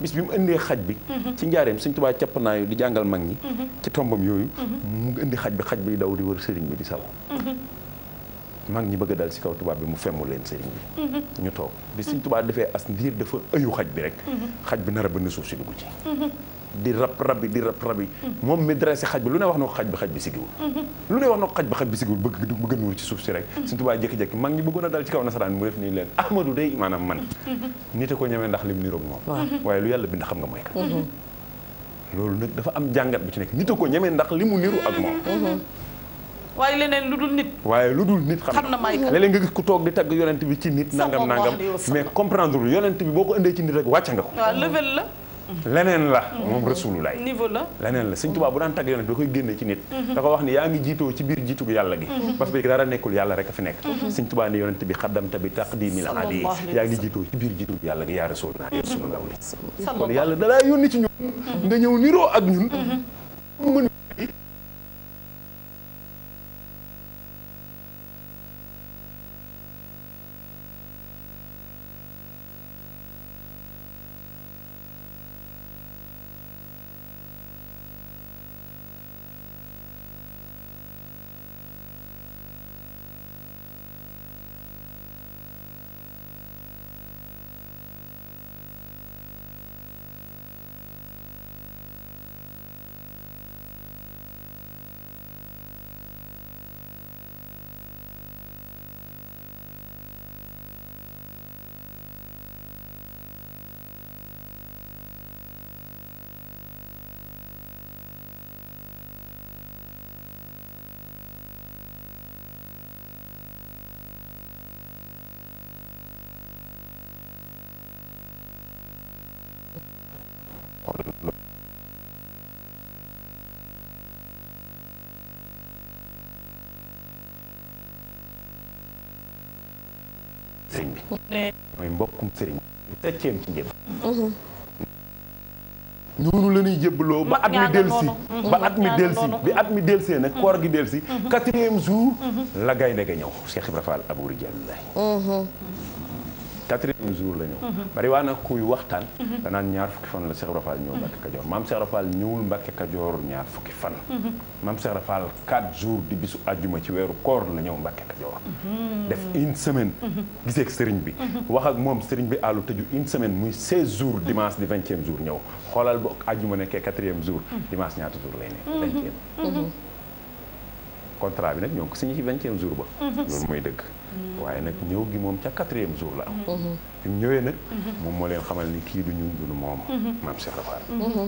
bis bi mu indee xaj bi ci njaarim sëñ tubaa capp naa di jàngal mag ñi ci tombam yooyu mu ngi indi xaj bi xaj bi daw di wër sëriñ bi di saw mag ñi bëgg a dal ci kaw tubaab bi mu femu leen sëriñ bi ñu toog bi sëriñ tubaab defee as ndiir dafa ëyu xaj bi rek xaj bi nar a bënn suuf si dugg ci di rab rab bi di rab rab bi moom mi dressé xaj bi lu ne wax na ko xaj bi xaj bi sigiwul lu ne wax na ko xaj bi xaj bi sigiwul bëgg bëgg a nuur ci suuf si rek sëriñ tubaab jékki-jékki mag ñi bëggoon a dal ci kaw nasaraan bi mu def nii leen ahmadou day maanaam man nit a ko ñemee ndax lim niroog moom waaye lu yàlla bind xam nga mooy kan mhm. loolu dafa am jàngat bu ci nekk nit ko ñemee ndax li mu niru ak moom waaye leneen lu dul nit. waaye lu dul nit xam na may léeg-léeg nga gis ku toog di tagg yonent bi ci nit. nangam nangam mais comprendre lu yonent bi boo ko indee ci nit rek wàcce nga ko. la. leneen la mhm. moom rasulullaay niveau la leneen la sëñ Tuubaa bu daan tagg yonent da koy génne ci nit mhm. da ko wax ni yaa ngi jiitoo ci biir jiitug yàlla gi mhm. parce que dara nekkul yàlla rek a fi nekk sëñ Tuubaa ni yonent bi xaddamta bi taqdimil ali yaa ngi jiitoo ci biir sëriñ bi septième ci njëb ñoonu la ñuy jébbaloo ba at mi delsi ba at mi delsi bi at mi delsee nag koor gi delsi quatrième jour la gaynde ga ñëw Cheikh Ibra Fall Abou Ridial quatrième jour la ñëw bari mhm. waa nag kuy waxtaan mhm. danaan ñaar fukki fan la Cheikh Ibra Fall ñëw mhm. Mbacke Kajoor maam Cheikh Ibra Fall ñëwul Mbacke Kajoor ñaar fukki fan maam Cheikh Ibra Fall quatre jours di bisu àjjuma ci weeru koor la ñëw Mbacke Kajoor def une semaine gisee ak sëriñ bi wax ak moom sëriñ bi àllu tëju une semaine muy seize jours dimanche di vingtième jour ñëw xoolal bu àjjuma nekkee quatrième jour dimanche ñaata jour lay nekk contrat bi nag ñoo ngi ko signé ci vingtième jour ba. loolu mooy dëgg. waaye nag ñëw gi moom ca quatrième jour la am. bi ñëwee nag. moom moo leen xamal ni kii du ñun du moom. maam Cheikh Rafaal.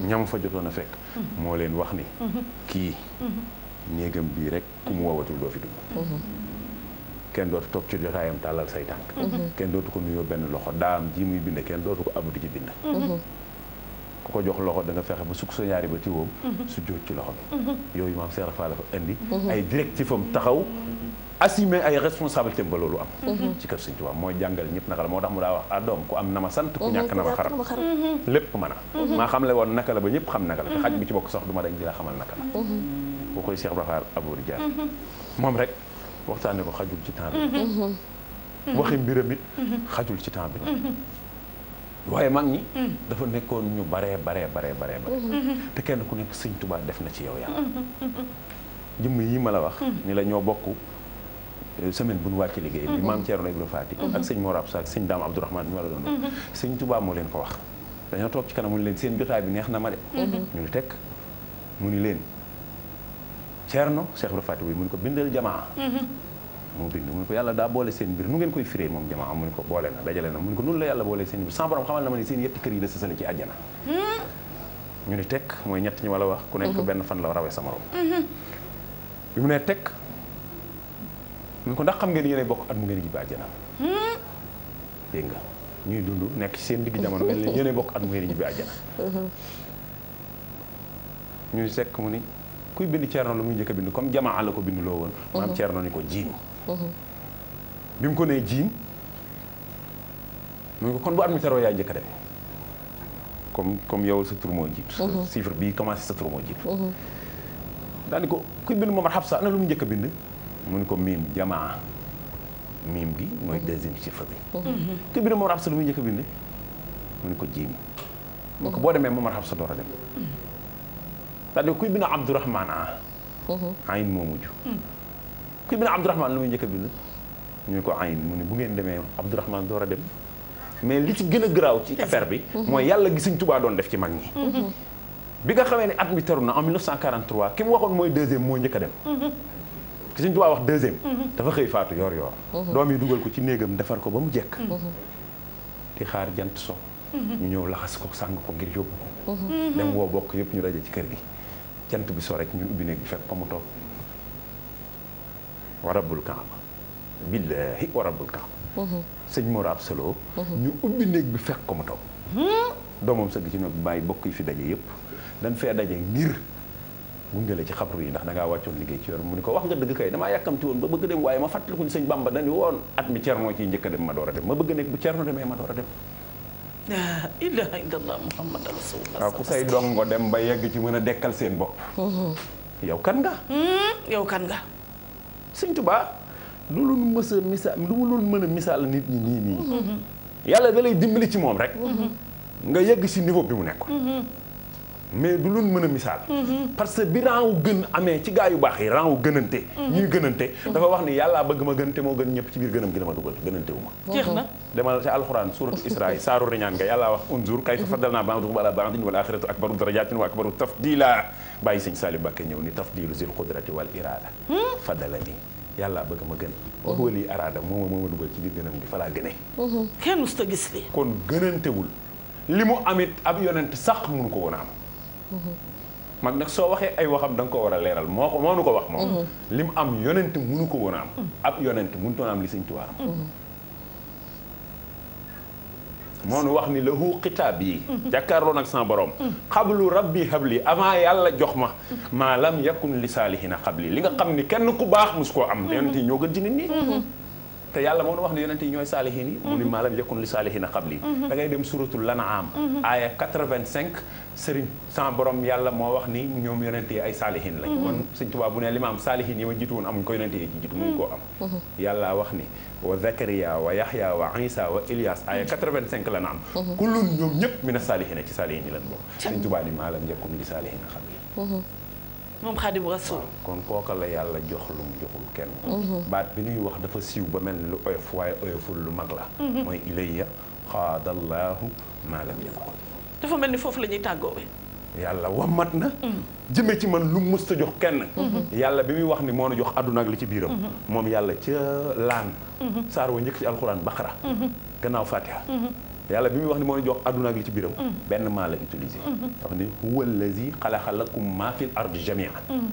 ñam fa jotoon a fekk. moo leen wax ni. kii néegam bii rek ku mu woowatul doo fi dugg. kenn dootu toog ci jotaayam tàllal say tànk. kenn dootu ko nuyoo benn loxo daam ji muy bind kenn dootu ko abdu ci bind. ku ko jox loxo danga nga fexe ba sukk sa ñaari ba tiwoom su jóot ci loxo bi yooyu maam Seera Fall fa indi ay directif am taxaw assumer ay responsabilité ba loolu am ci kër Sëñ Tuubaa moo jàngal ñëpp naka la moo tax mu daa wax ah doom ku am na ma sant ku ñàkk na ma xaram lépp mën a maa xam le woon naka la ba ñëpp xam naka la te xaj bi ci bokk sax du ma rek di la xamal naka la boo koy Cheikh Brafal Abour Diar moom rek waxtaane ko xajul ci temps bi mm-hmm. waxi mbiram it xajul ci temps bi waaye mag ñi. Mm. dafa nekkoon ñu baree baree baree baree bare mm-hmm. mm-hmm. te kenn ku nekk sëñ tubaab def na ci yow yàlla. Mm-hmm. jëmm yii ma la wax. ni la ñoo bokk euh, semaine bu nu wàcc liggéey. bi maam Thierno Ibrahima Fati. ak sëñ Mor Absa ak sëñ Dame Abdourahmane bi ma la doon sëñ Tuubaa moo leen ko wax. dañoo toog ci kanam kanamu leen seen jotaay bi neex na ma de. ñu ngi teg mu ni leen Thierno Cheikh Ibrahima Fati bi mu ni ko bindal jamaa. moo bind mu daa boole seen mbir nu ngeen koy firee moom jamaa mu ne ko boole na dajale na mu ne ko noonu la yàlla boole seen mbir sans borom xamal na ma ne seen yetti kër yi hmm? mooy ñett wala wax ku nekk hmm. benn fan la rawee hmm. mu ne tekk mu ko ndax xam ngeen yéen bokk at mu ngeen ñibbi àjjana nga ñuy dund nekk ci seen digg jamono ngeen leen yéen bokk at mu ngeen ñibbi àjjana ñu ne tekk mu ni kuy bind ceerno lu muy njëkk bind comme jamaa la ko bind loo woon maanaam ceerno ni ko jiim bi mu ko nee jiin mu ko kon bu admitaroo yaay njëkk a dem comme comme yow sa tur moo jiitu. chiffre bii commencé sa tur jiitu. daal di ko kuy bind Momar Habsa ana lu mu njëkk a mu ko miim jamaa gi mooy deuxième chiffre bi. kuy bind muy njëkk a bind. mu ne ko jiim. mu ko boo demee Momar Habsa door a dem. Mm. daal di ko kuy bind Abdourahmane ah. ayin ku bind Abdourahman lu muy njëkk a bind ñu ko ayin mu ne bu ngeen demee Abdourahman door a dem mais li ci gën a garaaw ci affaire bi mhm. mooy yàlla gi Sëñ Tuubaa doon def ci mag ñi mhm. bi nga xamee ne at mi teru na en 1943 ki mu waxoon mooy deuxième moo njëkk a dem mhm. ki Sëñ Tuubaa wax deuxième dafa xëy faatu yor yor doom ko ci néegam defar ko ba mu jekk di xaar jant so ñu ñëw laxas ko sàng ko ngir yóbbu ko dem woo bokk yëpp ñu daje ci kër gi jant bi so rek ñu ubbi néeg bi fekk ko mu toog wa rabbul kaaba billaahi wa rabbul kaaba mhm. sëñ Mor Ab Salo mhm. ñu ubbi néeg bi fekk ko mu toog hmm? doomam sëgg ci noog bàyyi bokk yi fi daje yëpp dañ fee daje ngir gunge la ci xabru yi ndax da ngaa wàccoon liggéey ci yor mu ni ko wax nga dëgg kay damaa yàkkamti woon ba bëgg dem waaye ma fàttaliku ni sëñ Bamba dañu woon at mi cerno ciy njëkk a dem ma door a dem ma bëgg nekk bu cerno demee ma door a dem laa ilaaha illallah muhammad rasulullah waaw ku say dongo dem ba yegg ci mën a dekkal seen bopp mhm. yow kan nga hmm? kan nga sëñ Tuubaa loolu nu mës a misaal lu mu loolu mën a misaal nit ñi nii nii mm-hmm. yàlla da lay dimbali ci moom rek mm-hmm. nga yegg si niveau bi mu nekkoon mm-hmm. mais du luñ mën a misaal. parce que bi rang wu gën amee ci gaa yu baax yi rang gënante. ñuy gënante. dafa wax ni yàllaa bëgg ma gënante moo gën ñëpp ci biir gënam gi dama dugal gënante wu ma. jeex na demal ci alxuraan suuratu Israa saaru riñaan nga yàllaa wax unzur kayfa faddalnaa mhm. ba'dakum alaa ba'din wal aaxiratu akbaru darajaatin wa akbaru tafdiila bàyyi sëñ Saliou Mbacké ñëw ni tafdiilu zil qudrati wal iraada. Hmm? faddalani yàllaa bëgg ma gën mhm. waxuwa lii araada mooma mooma dugal ci biir gënam gi falaa gëne mhm. kenn musta gis li kon gënantewul li mu amit ab yonent sax mënu ko woon a am mag nag soo waxee ay waxam danga ko war a leeral moo ko moo nu ko wax moom mm-hmm. li mu am yonent munu ko woon a am mm-hmm. ab yonent munutoon am li Sëñ Tuubaa am mm-hmm. moo nu wax ni lahu xitaab yi jàkkaarloo nag sama borom xablu rabbi habli avant yàlla jox ma maa lam yakun li saalihina xabli li nga xam ni kenn ku baax mus koo am yonent yi ñoo gën ci nit ñi te yàlla moo nu wax ne yonent yi ñooy saalihin yi mu ni maalam yakun li saalihina qabli mhm. da ngay dem suratul lanaam mhm. aaya 85 sëriñ sans borom yàlla moo wax ni ñoom yonent yi ay saalihin lañ mhm. kon sëñ Tuubaa bu ne li ma am saalihin yi ma jiitu woon amuñ ko yonent yi jiitu muñ koo am yàlla wax ni wa zakariya wa yahya wa isa wa ilias aaya 85 la na am kullun ñoom ñëpp mina saalihina ci saalihin yi lan bokk sëñ Tuubaa ni maalam yakun li saalihina qabli moom xaadim rasul kon kooka la yàlla jox lu mu joxul kenn. Mhm. baat bi ñuy wax dafa siiw ba mel ni lu oyof waaye oyoful lu mag la. Mhm. mooy ilayya xaadallaahu maa lam yakun dafa mel ni foofu lañuy ñuy tàggoowee. yàlla wamat na. Mhm. jëmee ci man lu mu mës jox kenn. yàlla bi muy wax ni moo na jox àdduna ak li ci biiram. moom yàlla ca laan. saar wa njëkk ci alxuraan baqara. gannaaw fatiha. yàlla bi muy wax ni moo jox adduna ak li ci biiram mm. benn maa la utilisé wax mm-hmm. ni huwa allazi xalaqa lakum maa fi l ardi jamian mm.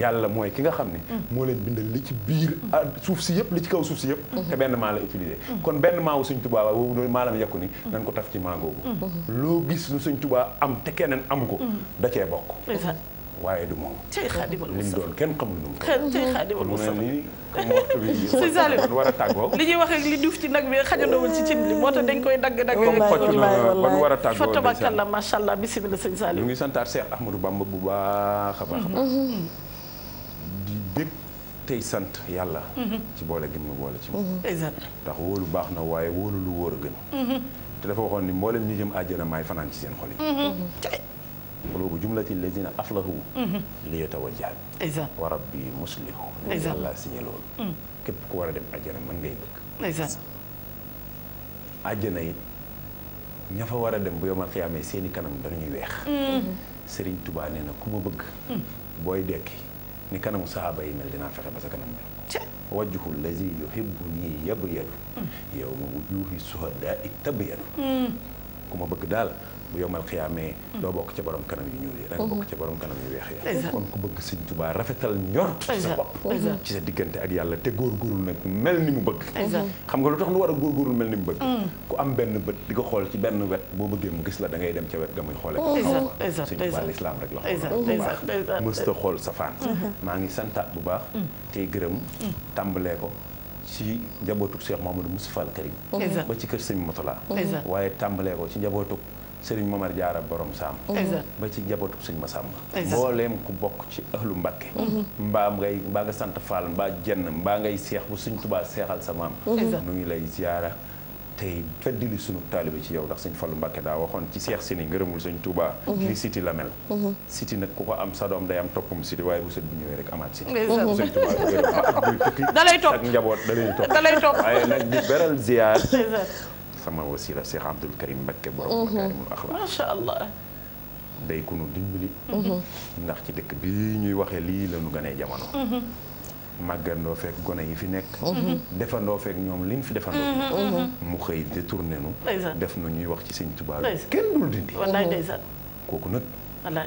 yàlla mooy ki nga xam ni mm. moo leen bindal li ci biir ah, suuf si yëpp li ci kaw suuf si yëpp mm-hmm. te benn maa la utilisé kon benn maawu suñ tubaa boobu maalam yekku ni nañ ko taf ci maa googu loo gis lu suñ tubaa am te keneen am ko da cee bokk waaye du moom. tey xaadimal mu doon kenn xamul nu mu. tey xaadimal war a tàggoo. li ñuy wax ak li duuf ci nag bi xajandoowul ci cin moo tax dañ koy dagg dagg. wallaay wallaay wallaay kon war a tàggoo. fa tabakalla macha allah bisimilah sëñ Saliou. ñu ngi santaat Cheikh Ahmadou Bamba bu baax a baax. Mhm. di bég tey sant yàlla. Mhm. ci boole gi ñu boole ci moom. Mhm. ndax wóolu baax na waaye wóolu lu wóor a gën. te dafa waxoon ni mboolem ñi jëm àjjana maay fanaan ci seen xol yi qulubu jumlati lazina aflahu li yatawajjah wa rabbi muslihu yàlla signé képp ku war a dem àjjana mën ngay bëgg àjjana it ña fa war a dem bu yomal xiyaamee seeni kanam dañuy weex Sëriñ Tuubaa nee na ku ma bëgg booy dekki ni kanamu sahaaba yi mel dinaa fexe ba sa kanam mel wajhu lazi yuhibbu nii yabyadu yow ma wujuhi suhadaa tabyadu ku ma bëgg daal bu yomal xiyaamee doo bokk ca borom kanam yu ñuul yi da nga bokk ca borom kanam yu weex yi kon ku bëgg sëñ Tuubaa rafetal njort ci sa bopp ci sa diggante ak yàlla te góorgóorlu nag mel ni mu bëgg xam nga lu tax nu war a góorgóorlu mel ni mu bëgg ku am benn bët di ko xool ci benn wet boo bëggee mu gis la da ngay dem ca wet ga muy xoole ko xaw sëñ Tuubaa lislaam rek la xool bu baax mësta xool safaan maa ngi santaat bu baax tey gërëm tàmbalee ko ci njabootuk Cheikh Mamadou Moustapha Al Karim ba ci kër sëñ Motola waaye tàmbalee ko ci njabootuk Serigne Momar Diarra borom saam ba ci njabootu ma Massamba mbooleem ku bokk ci ahlu Mbàkke mbaa ngay mbaa nga sant Fall mbaa jenn mbaa ngay seex bu suñ tubaa seexal sa maam nu ngi lay ziara tey feddili sunu taalibe ci yow ndax sëñ Fallu mbakke daa waxoon ci seex si ni ngërëmul sëñ tubaa li siti la mel siti nag ku ko am sa doom day am toppum siti waaye bu sët bu ñëwee rek amaat siti dalay topp njaboot dalay topp waaye nag di beral ziar sama wasila Cheikh Abdoul Karim Mbacké borom mhm. makaarimul axlaq macha allah day ku nu mhm. ndax ci dëkk bi ñuy waxee lii la ñu gënee jamono mhm. màggandoo feek gone yi fi nekk defandoo feek ñoom li liñ fi defandoo mu xëy détourné nu def na ñuy wax ci sëñ Tuubaa kenn dul dindi kooku nag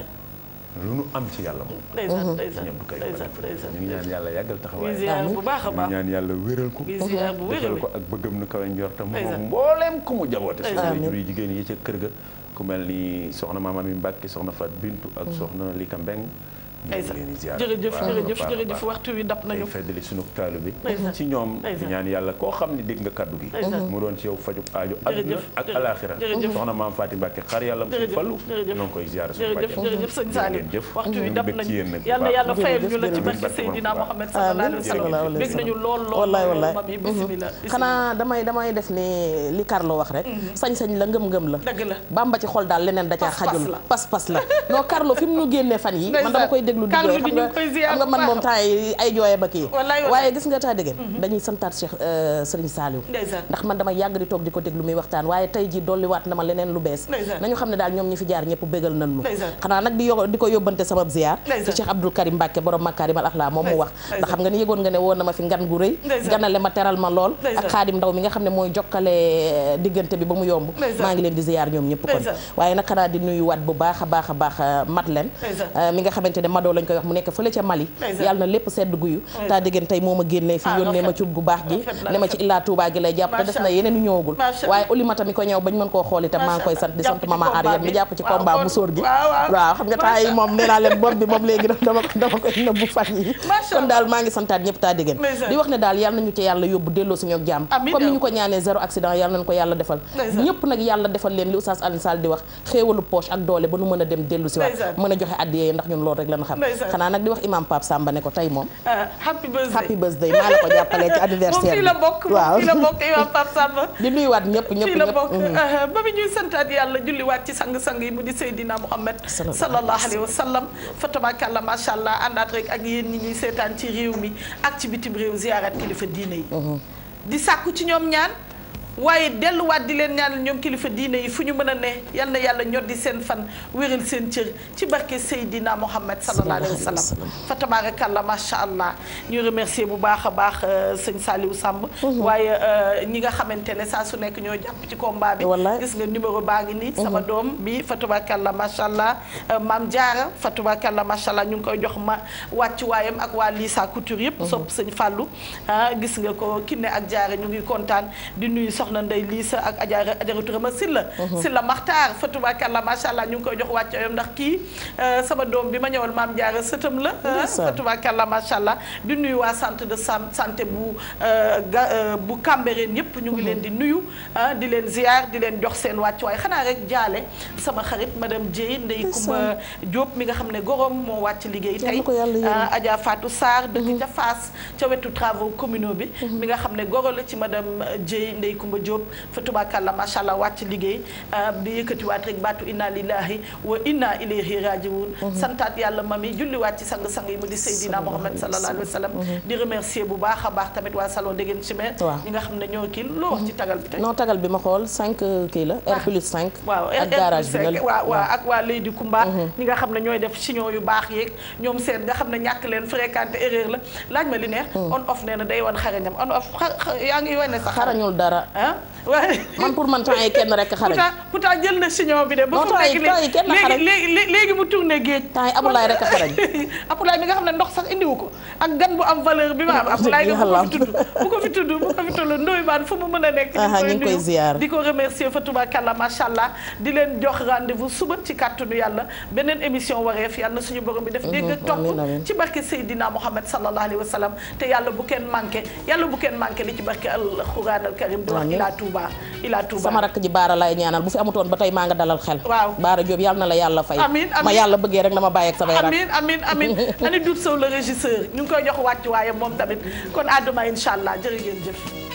lu nu am ci yàlla moom. ndeysaan mhm. ñu ngi ñaan yàlla yàggal taxawaay. visière bu baax a baax ñu ñaan yàlla wéral ko. visière bu wéral ko ak bëggam nu kawe njortam. moom mbooleem ku mu jaboote. amiin suñu jigéen yi ca kër ga. ku mel nii soxna Maam Ami Mbàkke soxna Fat Bintu ak mhm. soxna Lika Mbeng jërëjëf jërëjëf jërëjëf waxtu wi dab nañu feddali sunu taalu bi ci ñoom di ñaan yàlla koo xam ne dégg nga kaddu gi mu doon ci yow faju aaju adduna ak alaxira soxna maam Faati Mbàkke xar la ci barke Seydina Muhammad lool lool wallaay wallaay mhm. xanaa damay def ni li Carlo wax rek mhm. sañ-sañ la ngëm-ngëm la dëgg la Bamba ci xol daal leneen da xajul pas-pas la non Carlo fi mu ñu génnee fan yi man dama koy déglu di jooy xam nga man moom temps yi mhm. euh, man dama yàgg di toog di ko déglu muy waxtaan waaye tey ji dolliwaat na ma leneen lu bees nañu xam ne daal ñoom ñi fi jaar ñëpp bégal nan nu xanaa ko yóbbante sama ziar ci Cheikh Abdoul Karim Mbacke borom Makarimal Akhlaq moom mu wax ndax xam na ma fi ngan gu rëy ganale ma teral euh, diggante bi ba mu yomb maa ngi leen di ziar ñoom ñëpp kon waaye nag xanaa di nuyuwaat bu baax a baax a baax euh, mat leen mi nga xamante ne Madoo lañ koy wax mu nekk fële ca Mali yàlla na lépp sedd guyu taa tey moom a génnee fi ah, yónnee ma cub gu baax gi ne ma ci illaa Touba gi lay jàpp te def na yeneen ñëwagul waaye Olimata mi ko ñëw bañ ñu ko ñaanee zéro accident yàlla nañu ko yàlla defal ñëpp nag yàlla defal leen li Oustaz Alioune Sall di wax xéewalu poche ak doole ba nu mën a dem dellu si waat mën a joxe addiyee ndax ñun loolu rek la xam xanaa nag di wax imam Pape Samba ne ko tey moom ah, happy birthday happy birthday maa la ko jàppalee ci anniversaire bi la bokk waaw fii la bokk imam Pape Samba di nuyuwaat ñëpp ñëpp la bokk mm-hmm. ah, ba bi ñuy santaat yàlla julliwaat ci sang-sang yi mu di Seydina Mouhamed sallallahu alayhi wa sallam fa tabarakallah masha allah àndaat rek ak yéen ñi ñuy seetaan ci réew mi ak ci bitim réew ziarat kilifa diine yi mm-hmm. di sàkku ci ñoom ñaan waaye delluwaat di leen ñaanal ñoom kilifa diine yi fu ñu mën a ne yal na yàlla ñor di seen fan wéral seen cër ci barke Seydina Mohamed sallallahu alayhi wa sallam fa tabarakallah macha allah ñu remercier bu baax a baax euh, sëñ Saliou Samb mhm. waaye euh, ñi nga xamante ne saa su nekk ñoo jàpp ci combat bi gis nga numéro baa ngi nii sama mhm. doom bi fa tabarakallah macha allah euh, maam Diarra fa tabarakallah macha ñu ngi koy jox ma wàcc waayam ak waa Lissa Couture yëpp mhm. sopp sëñ Fallou ah, gis nga ko Kiné ak Diarra ñu ngi kontaan di nuyu sox soxna Ndey Liisa ak Adja Ajaratu a Silla mhm. Silla Maxtaar fa tubaakalla macha allah ñu ngi koy jox wàccoyam ndax kii euh, sama doom bi ma ñëwal maam Jaara sëtam la euh, fa tubaakalla macha allah di nuyu waa centre de santé bu euh, bu Cambérène yëpp ñu ngi mhm. leen di nuyu di leen ziar di leen jox seen wàccuwaay xanaa rek jaale sama xarit madame Dieye Ndey Kumba Diop mi nga xam ne gorom moo wàcc liggéey tey Adja Fatou Sarr dëkk mhm. ca Fass ca wetu travaux communaux bi Diop fa tubakàlla macha allah wàcc liggéey ah, di yëkkatiwaat rek baatu inna lillahi wa inna ilayhi rajiwun mhm. santaat yàlla mami julliwaat ci sang-sang yi mu di Seydina Mohamed sallallahu alayhi wa sallam mhm. di remercier bu baax a baax tamit waa salon Déguène Chimère ñi nga xam ne ñoo kii loo mhm. euh, la R ah. plus 5 waaw ak garage bi waaw ñi nga xam ne ñooy def chignon yu baax yeeg ñoom seen nga xam ne ñàkk leen fréquenté erreur la laaj ma li neex on off nee day wan xarañam on off yaa ngi wane xarañul dara ah waaye. man pour man temps yi kenn rek xarañ. pourtant jël na signon bi de. ba fu nekk léegi léegi mu géej. temps yi Abdoulaye rek xarañ. Abdoulaye mi nga xam ne ndox sax indiwu ko ak gan bu am valeur bi ma am. nga bu ko fi tudd bu ko fi tudd Ndoye Bane fu mu mën a nekk. ñu ngi koy ziar di ko remercier fa tubaakalla macha allah di leen jox rendez-vous suba ci kàttanu yàlla beneen émission wareef yàlla suñu borom bi def dégg ak topp ci barke Seydina Mouhamed sallallahu alayhi yàlla bu ilaa Touba ilaa Touba sama rakk ji baara lay ñaanal bu fi amutoon ba tey maa nga dalal xel waaw baara Diop yàlla na la yàlla fay amiin amiin ma yàlla bëggee rek na ma bàyyi ak samay rakk amiin amiin amiin ani dut sow le régisseur ñu ngi koy jox wàcc waaye moom tamit kon à demain incha allah jërë ngeen